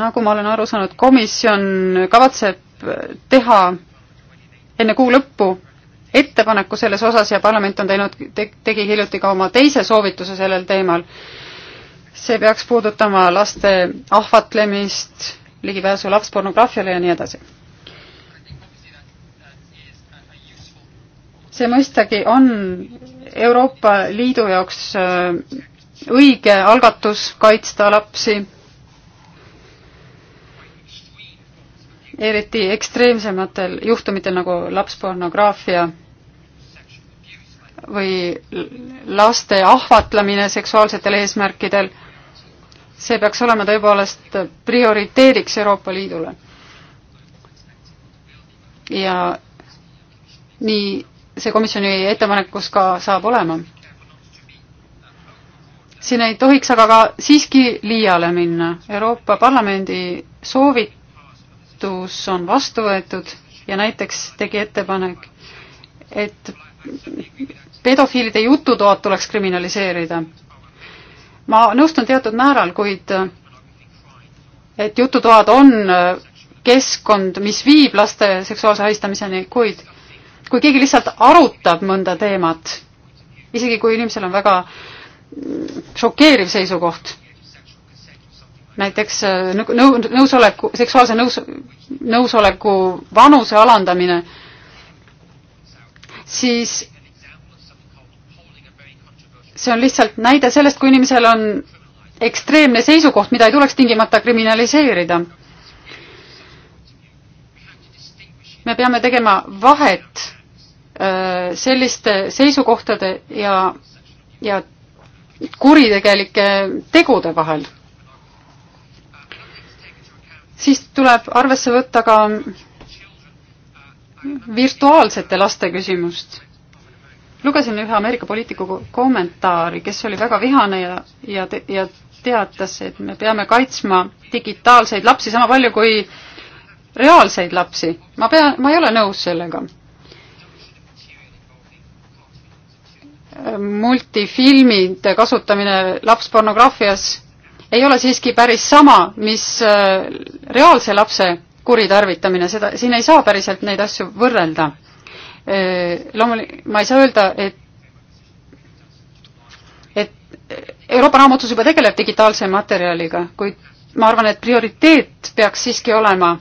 nagu ma olen aru saanud, komisjon kavatseb teha enne kuu lõppu ettepaneku selles osas ja parlament on teinud te,, tegi hiljuti ka oma teise soovituse sellel teemal. see peaks puudutama laste ahvatlemist, ligipääsu lapspornograafiale ja nii edasi. see mõistagi on Euroopa Liidu jaoks äh, õige algatus kaitsta lapsi eriti ekstreemsematel juhtumitel nagu lapspornograafia või laste ahvatlemine seksuaalsetel eesmärkidel, see peaks olema tõepoolest prioriteediks Euroopa Liidule. ja nii see komisjoni ettepanekus ka saab olema. siin ei tohiks aga ka siiski liiale minna. Euroopa Parlamendi soovitus on vastu võetud ja näiteks tegi ettepanek, et pedofiilide jututoad tuleks kriminaliseerida. ma nõustun teatud määral, kuid et jututoad on äh, keskkond, mis viib laste seksuaalse ahistamiseni, kuid kui keegi lihtsalt arutab mõnda teemat, isegi kui inimesel on väga mm, šokeeriv seisukoht, näiteks äh, nõu-, nõusoleku, seksuaalse nõus, nõusoleku vanuse alandamine, siis see on lihtsalt näide sellest, kui inimesel on ekstreemne seisukoht, mida ei tuleks tingimata kriminaliseerida. me peame tegema vahet äh, selliste seisukohtade ja, ja kuritegelike tegude vahel. siis tuleb arvesse võtta ka virtuaalsete laste küsimust lugesin ühe Ameerika poliitiku kommentaari, kes oli väga vihane ja, ja, ja teatas, et me peame kaitsma digitaalseid lapsi sama palju kui reaalseid lapsi. ma pean, ma ei ole nõus sellega. multifilmide kasutamine lapspornograafias ei ole siiski päris sama, mis äh, reaalse lapse kuritarvitamine, seda, siin ei saa päriselt neid asju võrrelda Äh, loomulik-, ma ei saa öelda, et et Euroopa Raamotsus juba tegeleb digitaalse materjaliga, kuid ma arvan, et prioriteet peaks siiski olema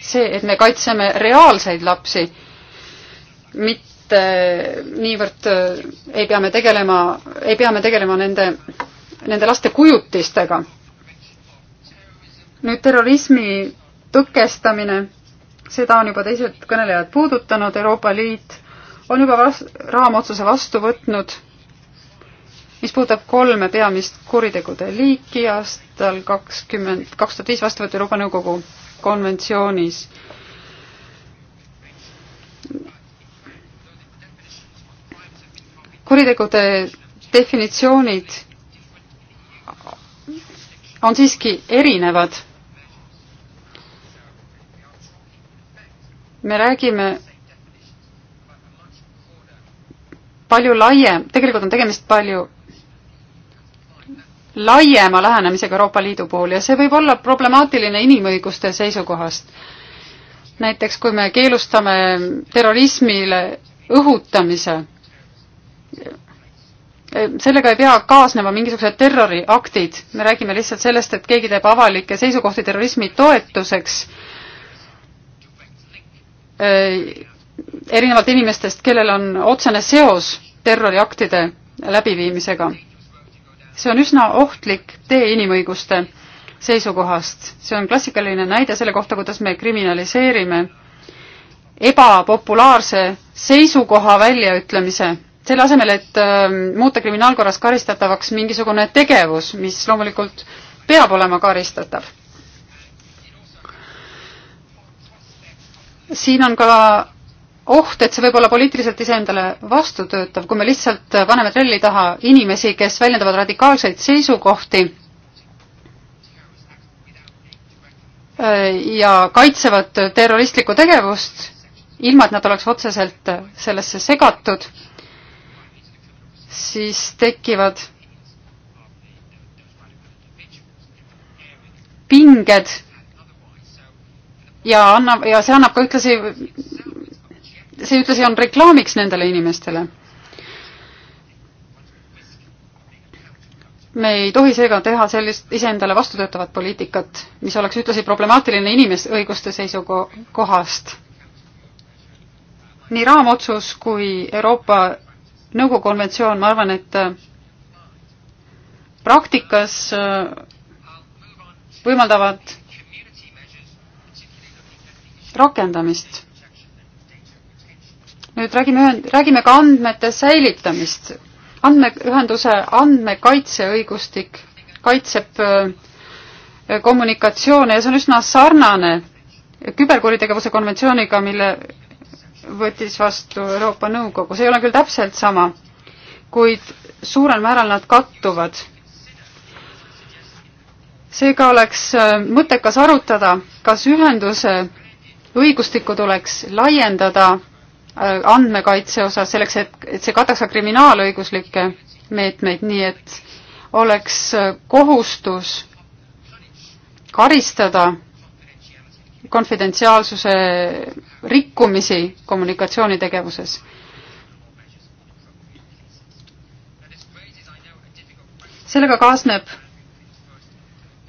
see, et me kaitseme reaalseid lapsi, mitte niivõrd äh, ei pea me tegelema, ei pea me tegelema nende, nende laste kujutistega. nüüd terrorismi tõkestamine seda on juba teised kõnelejad puudutanud, Euroopa Liit on juba vas-, raamotsuse vastu võtnud, mis puudutab kolme peamist kuritegude liiki aastal kakskümmend, kaks tuhat viis vastu võetud Euroopa Nõukogu konventsioonis. kuritegude definitsioonid on siiski erinevad me räägime palju laiem, tegelikult on tegemist palju laiema lähenemisega Euroopa Liidu puhul ja see võib olla problemaatiline inimõiguste seisukohast. näiteks kui me keelustame terrorismile õhutamise, sellega ei pea kaasnema mingisugused terroriaktid, me räägime lihtsalt sellest, et keegi teeb avalikke seisukohti terrorismi toetuseks äh, Äh, erinevalt inimestest, kellel on otsene seos terroriaktide läbiviimisega. see on üsna ohtlik tee inimõiguste seisukohast. see on klassikaline näide selle kohta, kuidas me kriminaliseerime ebapopulaarse seisukoha väljaütlemise, selle asemel, et äh, muuta kriminaalkorras karistatavaks mingisugune tegevus, mis loomulikult peab olema karistatav siin on ka oht, et see võib olla poliitiliselt iseendale vastutöötav, kui me lihtsalt paneme trelli taha inimesi, kes väljendavad radikaalseid seisukohti äh, ja kaitsevad terroristlikku tegevust, ilma et nad oleks otseselt sellesse segatud, siis tekivad pinged ja annab, ja see annab ka ühtlasi, see ühtlasi on reklaamiks nendele inimestele. me ei tohi seega teha sellist iseendale vastutöötavat poliitikat, mis oleks ühtlasi problemaatiline inimesõiguste seisukohast. nii raamotsus kui Euroopa Nõukogu konventsioon, ma arvan, et äh, praktikas äh, võimaldavad rakendamist. nüüd räägime, räägime ka andmete säilitamist. andmeühenduse andmekaitseõigustik kaitseb äh, kommunikatsioone ja see on üsna sarnane küberkuritegevuse konventsiooniga, mille võttis vastu Euroopa Nõukogu. see ei ole küll täpselt sama, kuid suurel määral nad kattuvad. seega oleks äh, mõttekas arutada, kas ühenduse õigustikku tuleks laiendada äh, andmekaitse osas selleks, et, et see kataks ka kriminaalõiguslikke meetmeid, nii et oleks äh, kohustus karistada konfidentsiaalsuse rikkumisi kommunikatsioonitegevuses. sellega kaasneb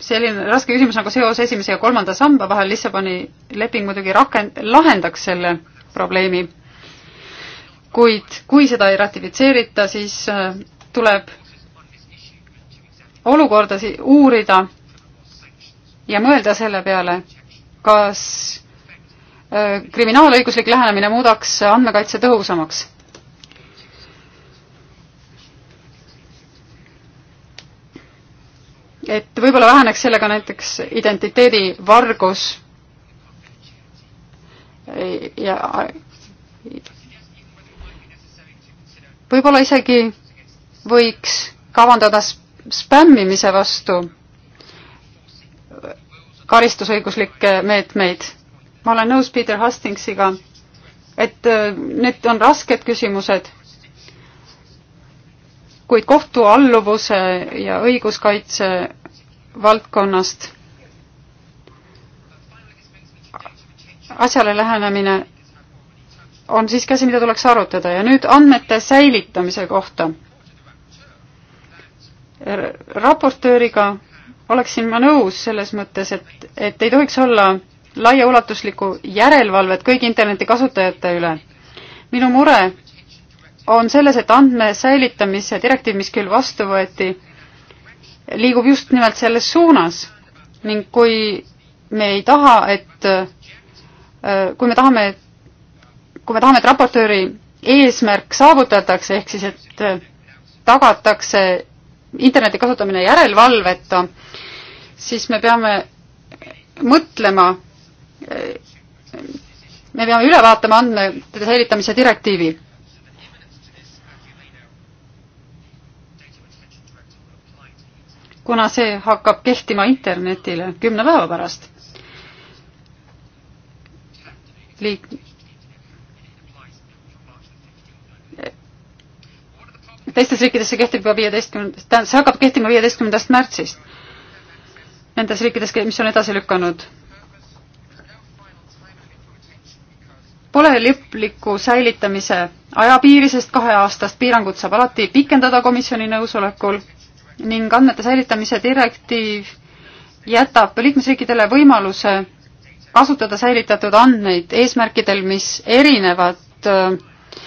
selline raske küsimus nagu seos esimese ja kolmanda samba vahel, Lissaboni leping muidugi rakend-, lahendaks selle probleemi, kuid kui seda ei ratifitseerita, siis äh, tuleb olukorda si-, uurida ja mõelda selle peale, kas äh, kriminaalõiguslik lähenemine muudaks andmekaitse tõhusamaks. et võib-olla väheneks sellega näiteks identiteedivargus ja võib-olla isegi võiks kavandada spämmimise vastu karistusõiguslikke meetmeid. ma olen nõus Peter Hastingsiga, et äh, need on rasked küsimused kuid kohtualluvuse ja õiguskaitse valdkonnast asjale lähenemine on siiski asi, mida tuleks arutada ja nüüd andmete säilitamise kohta. raportööriga oleksin ma nõus selles mõttes, et, et ei tohiks olla laiaulatuslikku järelevalvet kõigi internetikasutajate üle. minu mure on selles, et andme säilitamise direktiiv, mis küll vastu võeti, liigub just nimelt selles suunas ning kui me ei taha, et äh, kui me tahame, kui me tahame, et raportööri eesmärk saavutatakse, ehk siis, et äh, tagatakse interneti kasutamine järelevalveta, siis me peame mõtlema, äh, me peame üle vaatama andmete säilitamise direktiivi kuna see hakkab kehtima internetile kümne päeva pärast. liik-, teistes riikides see kehtib juba viieteistkümnendast, tähendab, see hakkab kehtima viieteistkümnendast märtsist. Nendes riikides, mis on edasi lükanud. Pole lipliku säilitamise ajapiiri, sest kaheaastast piirangut saab alati pikendada komisjoni nõusolekul ning andmete säilitamise direktiiv jätab liikmesriikidele võimaluse kasutada säilitatud andmeid eesmärkidel, mis erinevad äh,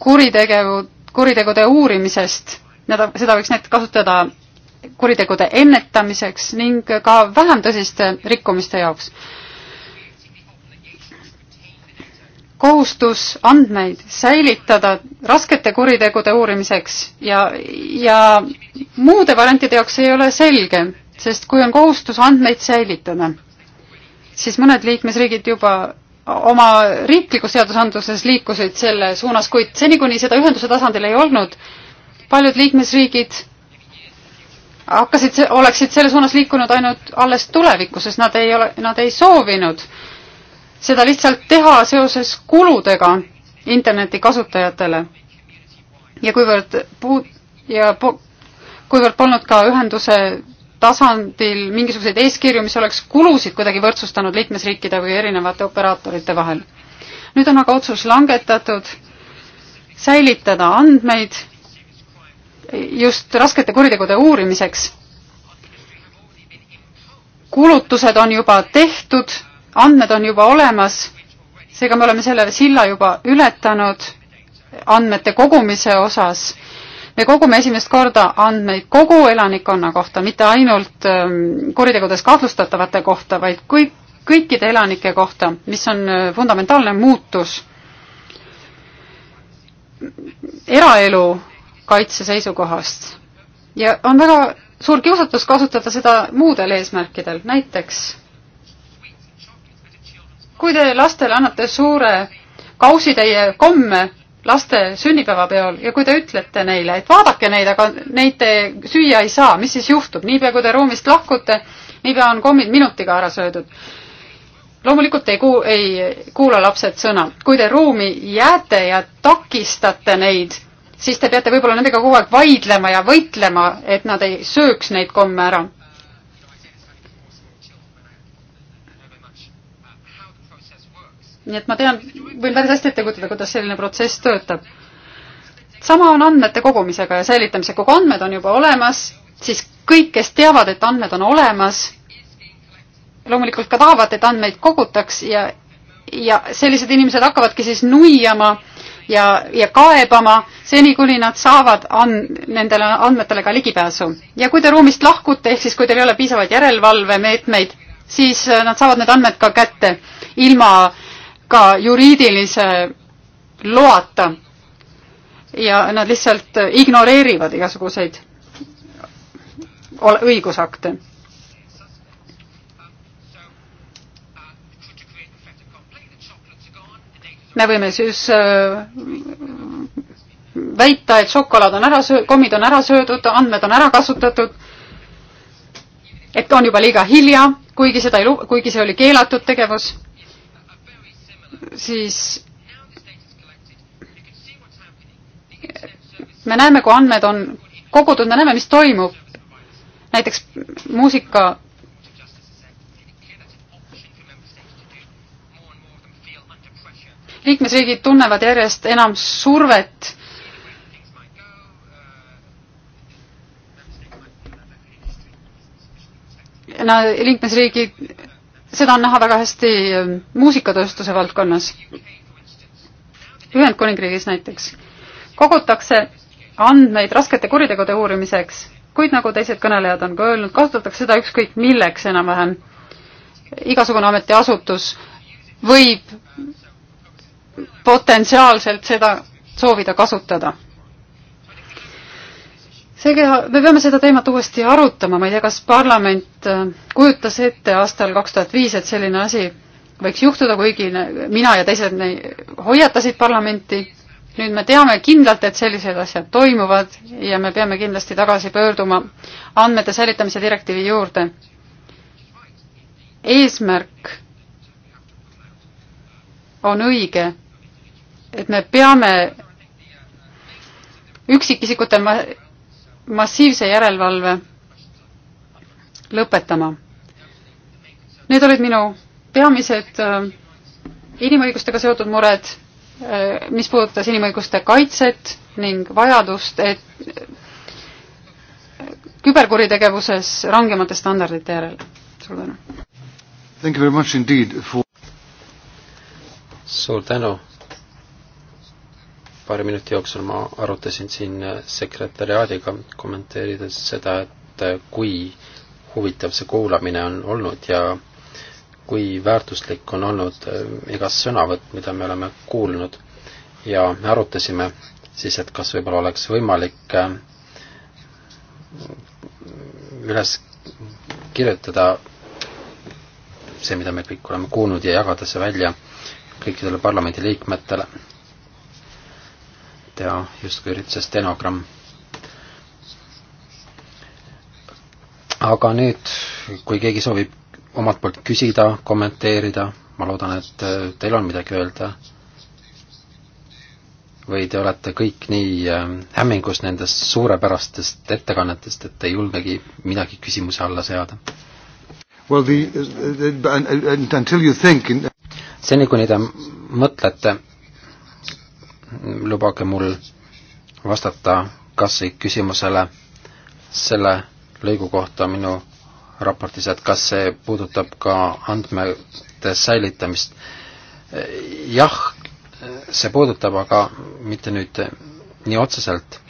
kuritegevu, kuritegude uurimisest. Nad, seda võiks need kasutada kuritegude ennetamiseks ning ka vähem tõsiste rikkumiste jaoks. kohustus andmeid säilitada raskete kuritegude uurimiseks ja, ja muude variantide jaoks ei ole selge, sest kui on kohustus andmeid säilitada, siis mõned liikmesriigid juba oma riiklikus seadusandluses liikusid selle suunas, kuid seni, kuni seda ühenduse tasandil ei olnud, paljud liikmesriigid hakkasid, oleksid selle suunas liikunud ainult alles tulevikus, sest nad ei ole, nad ei soovinud äh, seda lihtsalt teha seoses kuludega interneti kasutajatele. ja kuivõrd puud- ja po-, kuivõrd polnud ka ühenduse tasandil mingisuguseid eeskirju, mis oleks kulusid kuidagi võrdsustanud liikmesriikide või erinevate operaatorite vahel. nüüd on aga otsus langetatud säilitada andmeid just raskete kuritegude uurimiseks. kulutused on juba tehtud andmed on juba olemas, seega me oleme selle silla juba ületanud andmete kogumise osas. me kogume esimest korda andmeid kogu elanikkonna kohta, mitte ainult ähm, kuritegudes kahtlustatavate kohta, vaid kõik, kõikide elanike kohta, mis on äh, fundamentaalne muutus eraelu kaitse seisukohast. ja on väga suur kiusatus kasutada seda muudel eesmärkidel, näiteks kui te lastele annate suure kausitäie komme laste sünnipäevapeol ja kui te ütlete neile, et vaadake neid, aga neid te süüa ei saa, mis siis juhtub, niipea kui te ruumist lahkute, niipea on kommid minutiga ära söödud. loomulikult ei kuu-, ei kuula lapsed sõna. kui te ruumi jääte ja takistate neid, siis te peate võib-olla nendega kogu aeg vaidlema ja võitlema, et nad ei sööks neid komme ära nii et ma tean, võin päris hästi ette kujutada, kuidas selline protsess töötab. sama on andmete kogumisega ja säilitamisega, kui andmed on juba olemas, siis kõik, kes teavad, et andmed on olemas, loomulikult ka tahavad, et andmeid kogutaks ja, ja sellised inimesed hakkavadki siis nuiama ja, ja kaebama seni, kuni nad saavad an-, nendele andmetele ka ligipääsu. ja kui te ruumist lahkute, ehk siis kui teil ei ole piisavalt järelevalvemeetmeid, siis äh, nad saavad need andmed ka kätte ilma äh, ka juriidilise loata. ja nad lihtsalt ignoreerivad igasuguseid õigusakte. me võime siis äh, väita, et šokolaad on ära söö-, kommid on ära söödud, andmed on ära kasutatud, et on juba liiga hilja, kuigi seda ei lu-, kuigi see oli keelatud tegevus siis me näeme, kui andmed on kogutud, me näeme, mis toimub. näiteks muusika liikmesriigid tunnevad järjest enam survet no liikmesriigid seda on näha väga hästi ähm, muusikatööstuse valdkonnas. Ühendkuningriigis näiteks kogutakse andmeid raskete kuritegude uurimiseks, kuid nagu teised kõnelejad on ka öelnud, kasutatakse seda ükskõik milleks enam-vähem. igasugune ametiasutus võib potentsiaalselt seda soovida kasutada seega me peame seda teemat uuesti arutama, ma ei tea, kas parlament äh, kujutas ette aastal kaks tuhat viis, et selline asi võiks juhtuda, kuigi mina ja teised hoiatasid parlamenti. nüüd me teame kindlalt, et sellised asjad toimuvad ja me peame kindlasti tagasi pöörduma andmete säilitamise direktiivi juurde. eesmärk on õige, et me peame üksikisikutel massiivse järelevalve lõpetama. Need olid minu peamised äh, inimõigustega seotud mured, äh, mis puudutas inimõiguste kaitset ning vajadust, et äh, küberkuritegevuses rangemate standardite järele. suur tänu! For... suur tänu paari minuti jooksul ma arutasin siin sekretäriaadiga, kommenteerides seda, et kui huvitav see kuulamine on olnud ja kui väärtuslik on olnud eh, iga sõnavõtt, mida me oleme kuulnud ja me arutasime siis, et kas võib-olla oleks võimalik eh, üles kirjutada see, mida me kõik oleme kuulnud ja jagada see välja kõikidele parlamendiliikmetele teha justkui ürituse stenogramm. aga nüüd, kui keegi soovib omalt poolt küsida, kommenteerida, ma loodan, et äh, teil on midagi öelda, või te olete kõik nii äh, hämmingus nendest suurepärastest ettekannetest, et ei julgegi midagi küsimuse alla seada? Well, the, the, until you think in... seni, kuni te mõtlete lubage mul vastata kas või küsimusele selle lõigu kohta minu raportis, et kas see puudutab ka andmete säilitamist. jah, see puudutab, aga mitte nüüd nii otseselt.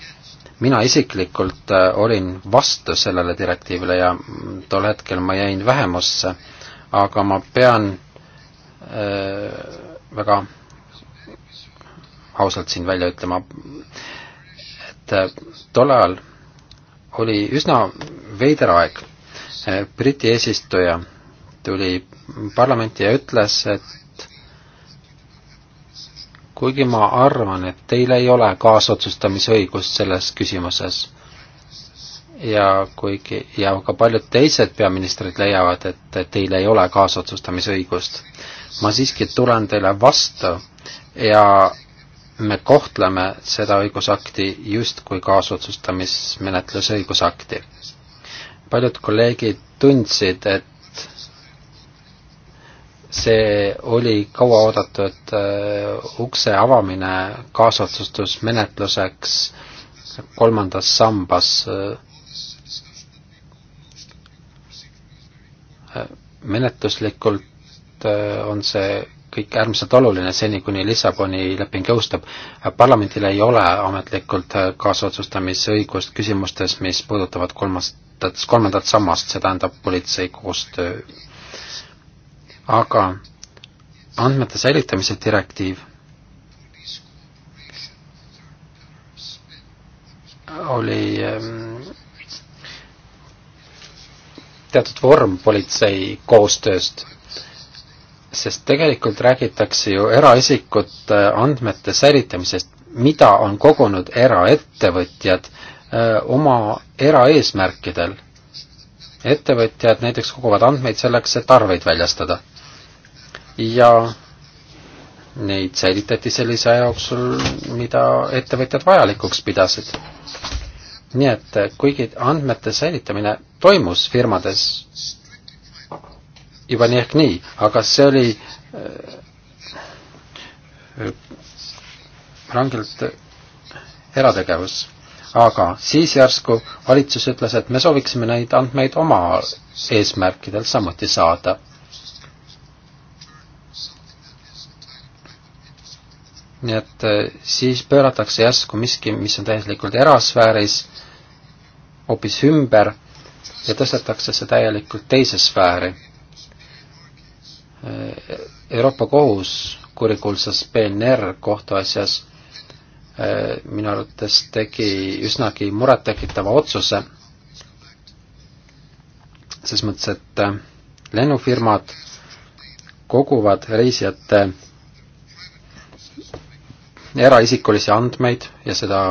mina isiklikult äh, olin vastu sellele direktiivile ja tol hetkel ma jäin vähemusse, aga ma pean öö, äh, väga ausalt siin välja ütlema, et äh, tol ajal oli üsna veider aeg. Äh, Briti eesistuja tuli parlamenti ja ütles, et kuigi ma arvan, et teil ei ole kaasotsustamisõigust selles küsimuses ja kuigi, ja ka paljud teised peaministrid leiavad, et teil ei ole kaasotsustamisõigust, ma siiski tulen teile vastu ja me kohtleme seda õigusakti justkui kaasotsustamismenetluse õigusakti. paljud kolleegid tundsid, et see oli kauaoodatud äh, ukse avamine kaasotsustusmenetluseks kolmandas sambas. Äh, äh, menetluslikult on see kõik äärmiselt oluline seni, kuni Lissaboni leping jõustub. parlamendil ei ole ametlikult kaasotsustamisõigust küsimustes, mis puudutavad kolmandat, kolmandat sammast, see tähendab politsei koostöö. aga andmete säilitamise direktiiv oli ehm, teatud vorm politsei koostööst sest tegelikult räägitakse ju eraisikute andmete säilitamisest, mida on kogunud eraettevõtjad öö, äh, oma eraeesmärkidel. ettevõtjad näiteks koguvad andmeid selleks, et arveid väljastada. ja neid säilitati sellise aja jooksul, mida ettevõtjad vajalikuks pidasid. nii et äh, kuigi andmete säilitamine toimus firmades juba nii ehk nii, aga see oli äh, rangelt erategevus. aga siis järsku valitsus ütles, et me sooviksime neid andmeid oma eesmärkidel samuti saada. nii et äh, siis pööratakse järsku miski, mis on täielikult erasfääris, hoopis ümber ja tõstetakse see täielikult teise sfääri Äh, Euroopa Kohus kurikuulsas PNR kohtuasjas äh, minu arvates tegi üsnagi murettekitava otsuse, ses mõttes, et äh, lennufirmad koguvad reisijate eraisikulisi andmeid ja seda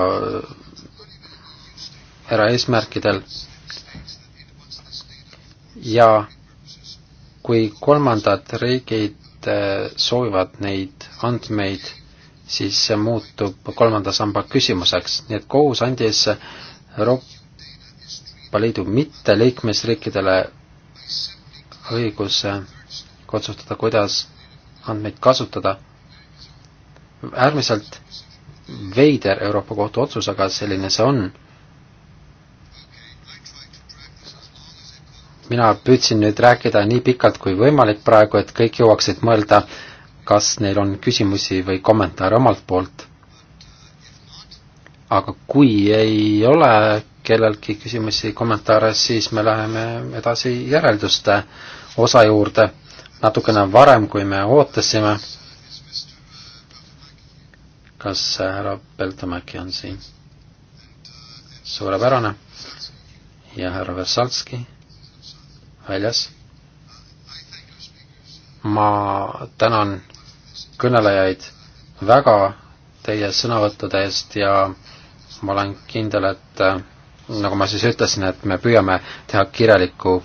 eraeesmärkidel ja kui kolmandad riigid äh, soovivad neid andmeid, siis see muutub kolmanda samba küsimuseks, nii et kohus andis Euroopa Liidu mitte liikmesriikidele õiguse otsustada, kuidas andmeid kasutada. äärmiselt veider Euroopa Kohtu otsus, aga selline see on mina püüdsin nüüd rääkida nii pikalt kui võimalik praegu, et kõik jõuaksid mõelda, kas neil on küsimusi või kommentaare omalt poolt. aga kui ei ole kellelgi küsimusi, kommentaare, siis me läheme edasi järelduste osa juurde natukene varem, kui me ootasime. kas härra Peltomäki on siin? suurepärane. ja härra Versalski väljas. ma tänan kõnelejaid väga teie sõnavõttude eest ja ma olen kindel, et nagu ma siis ütlesin, et me püüame teha kirjalikku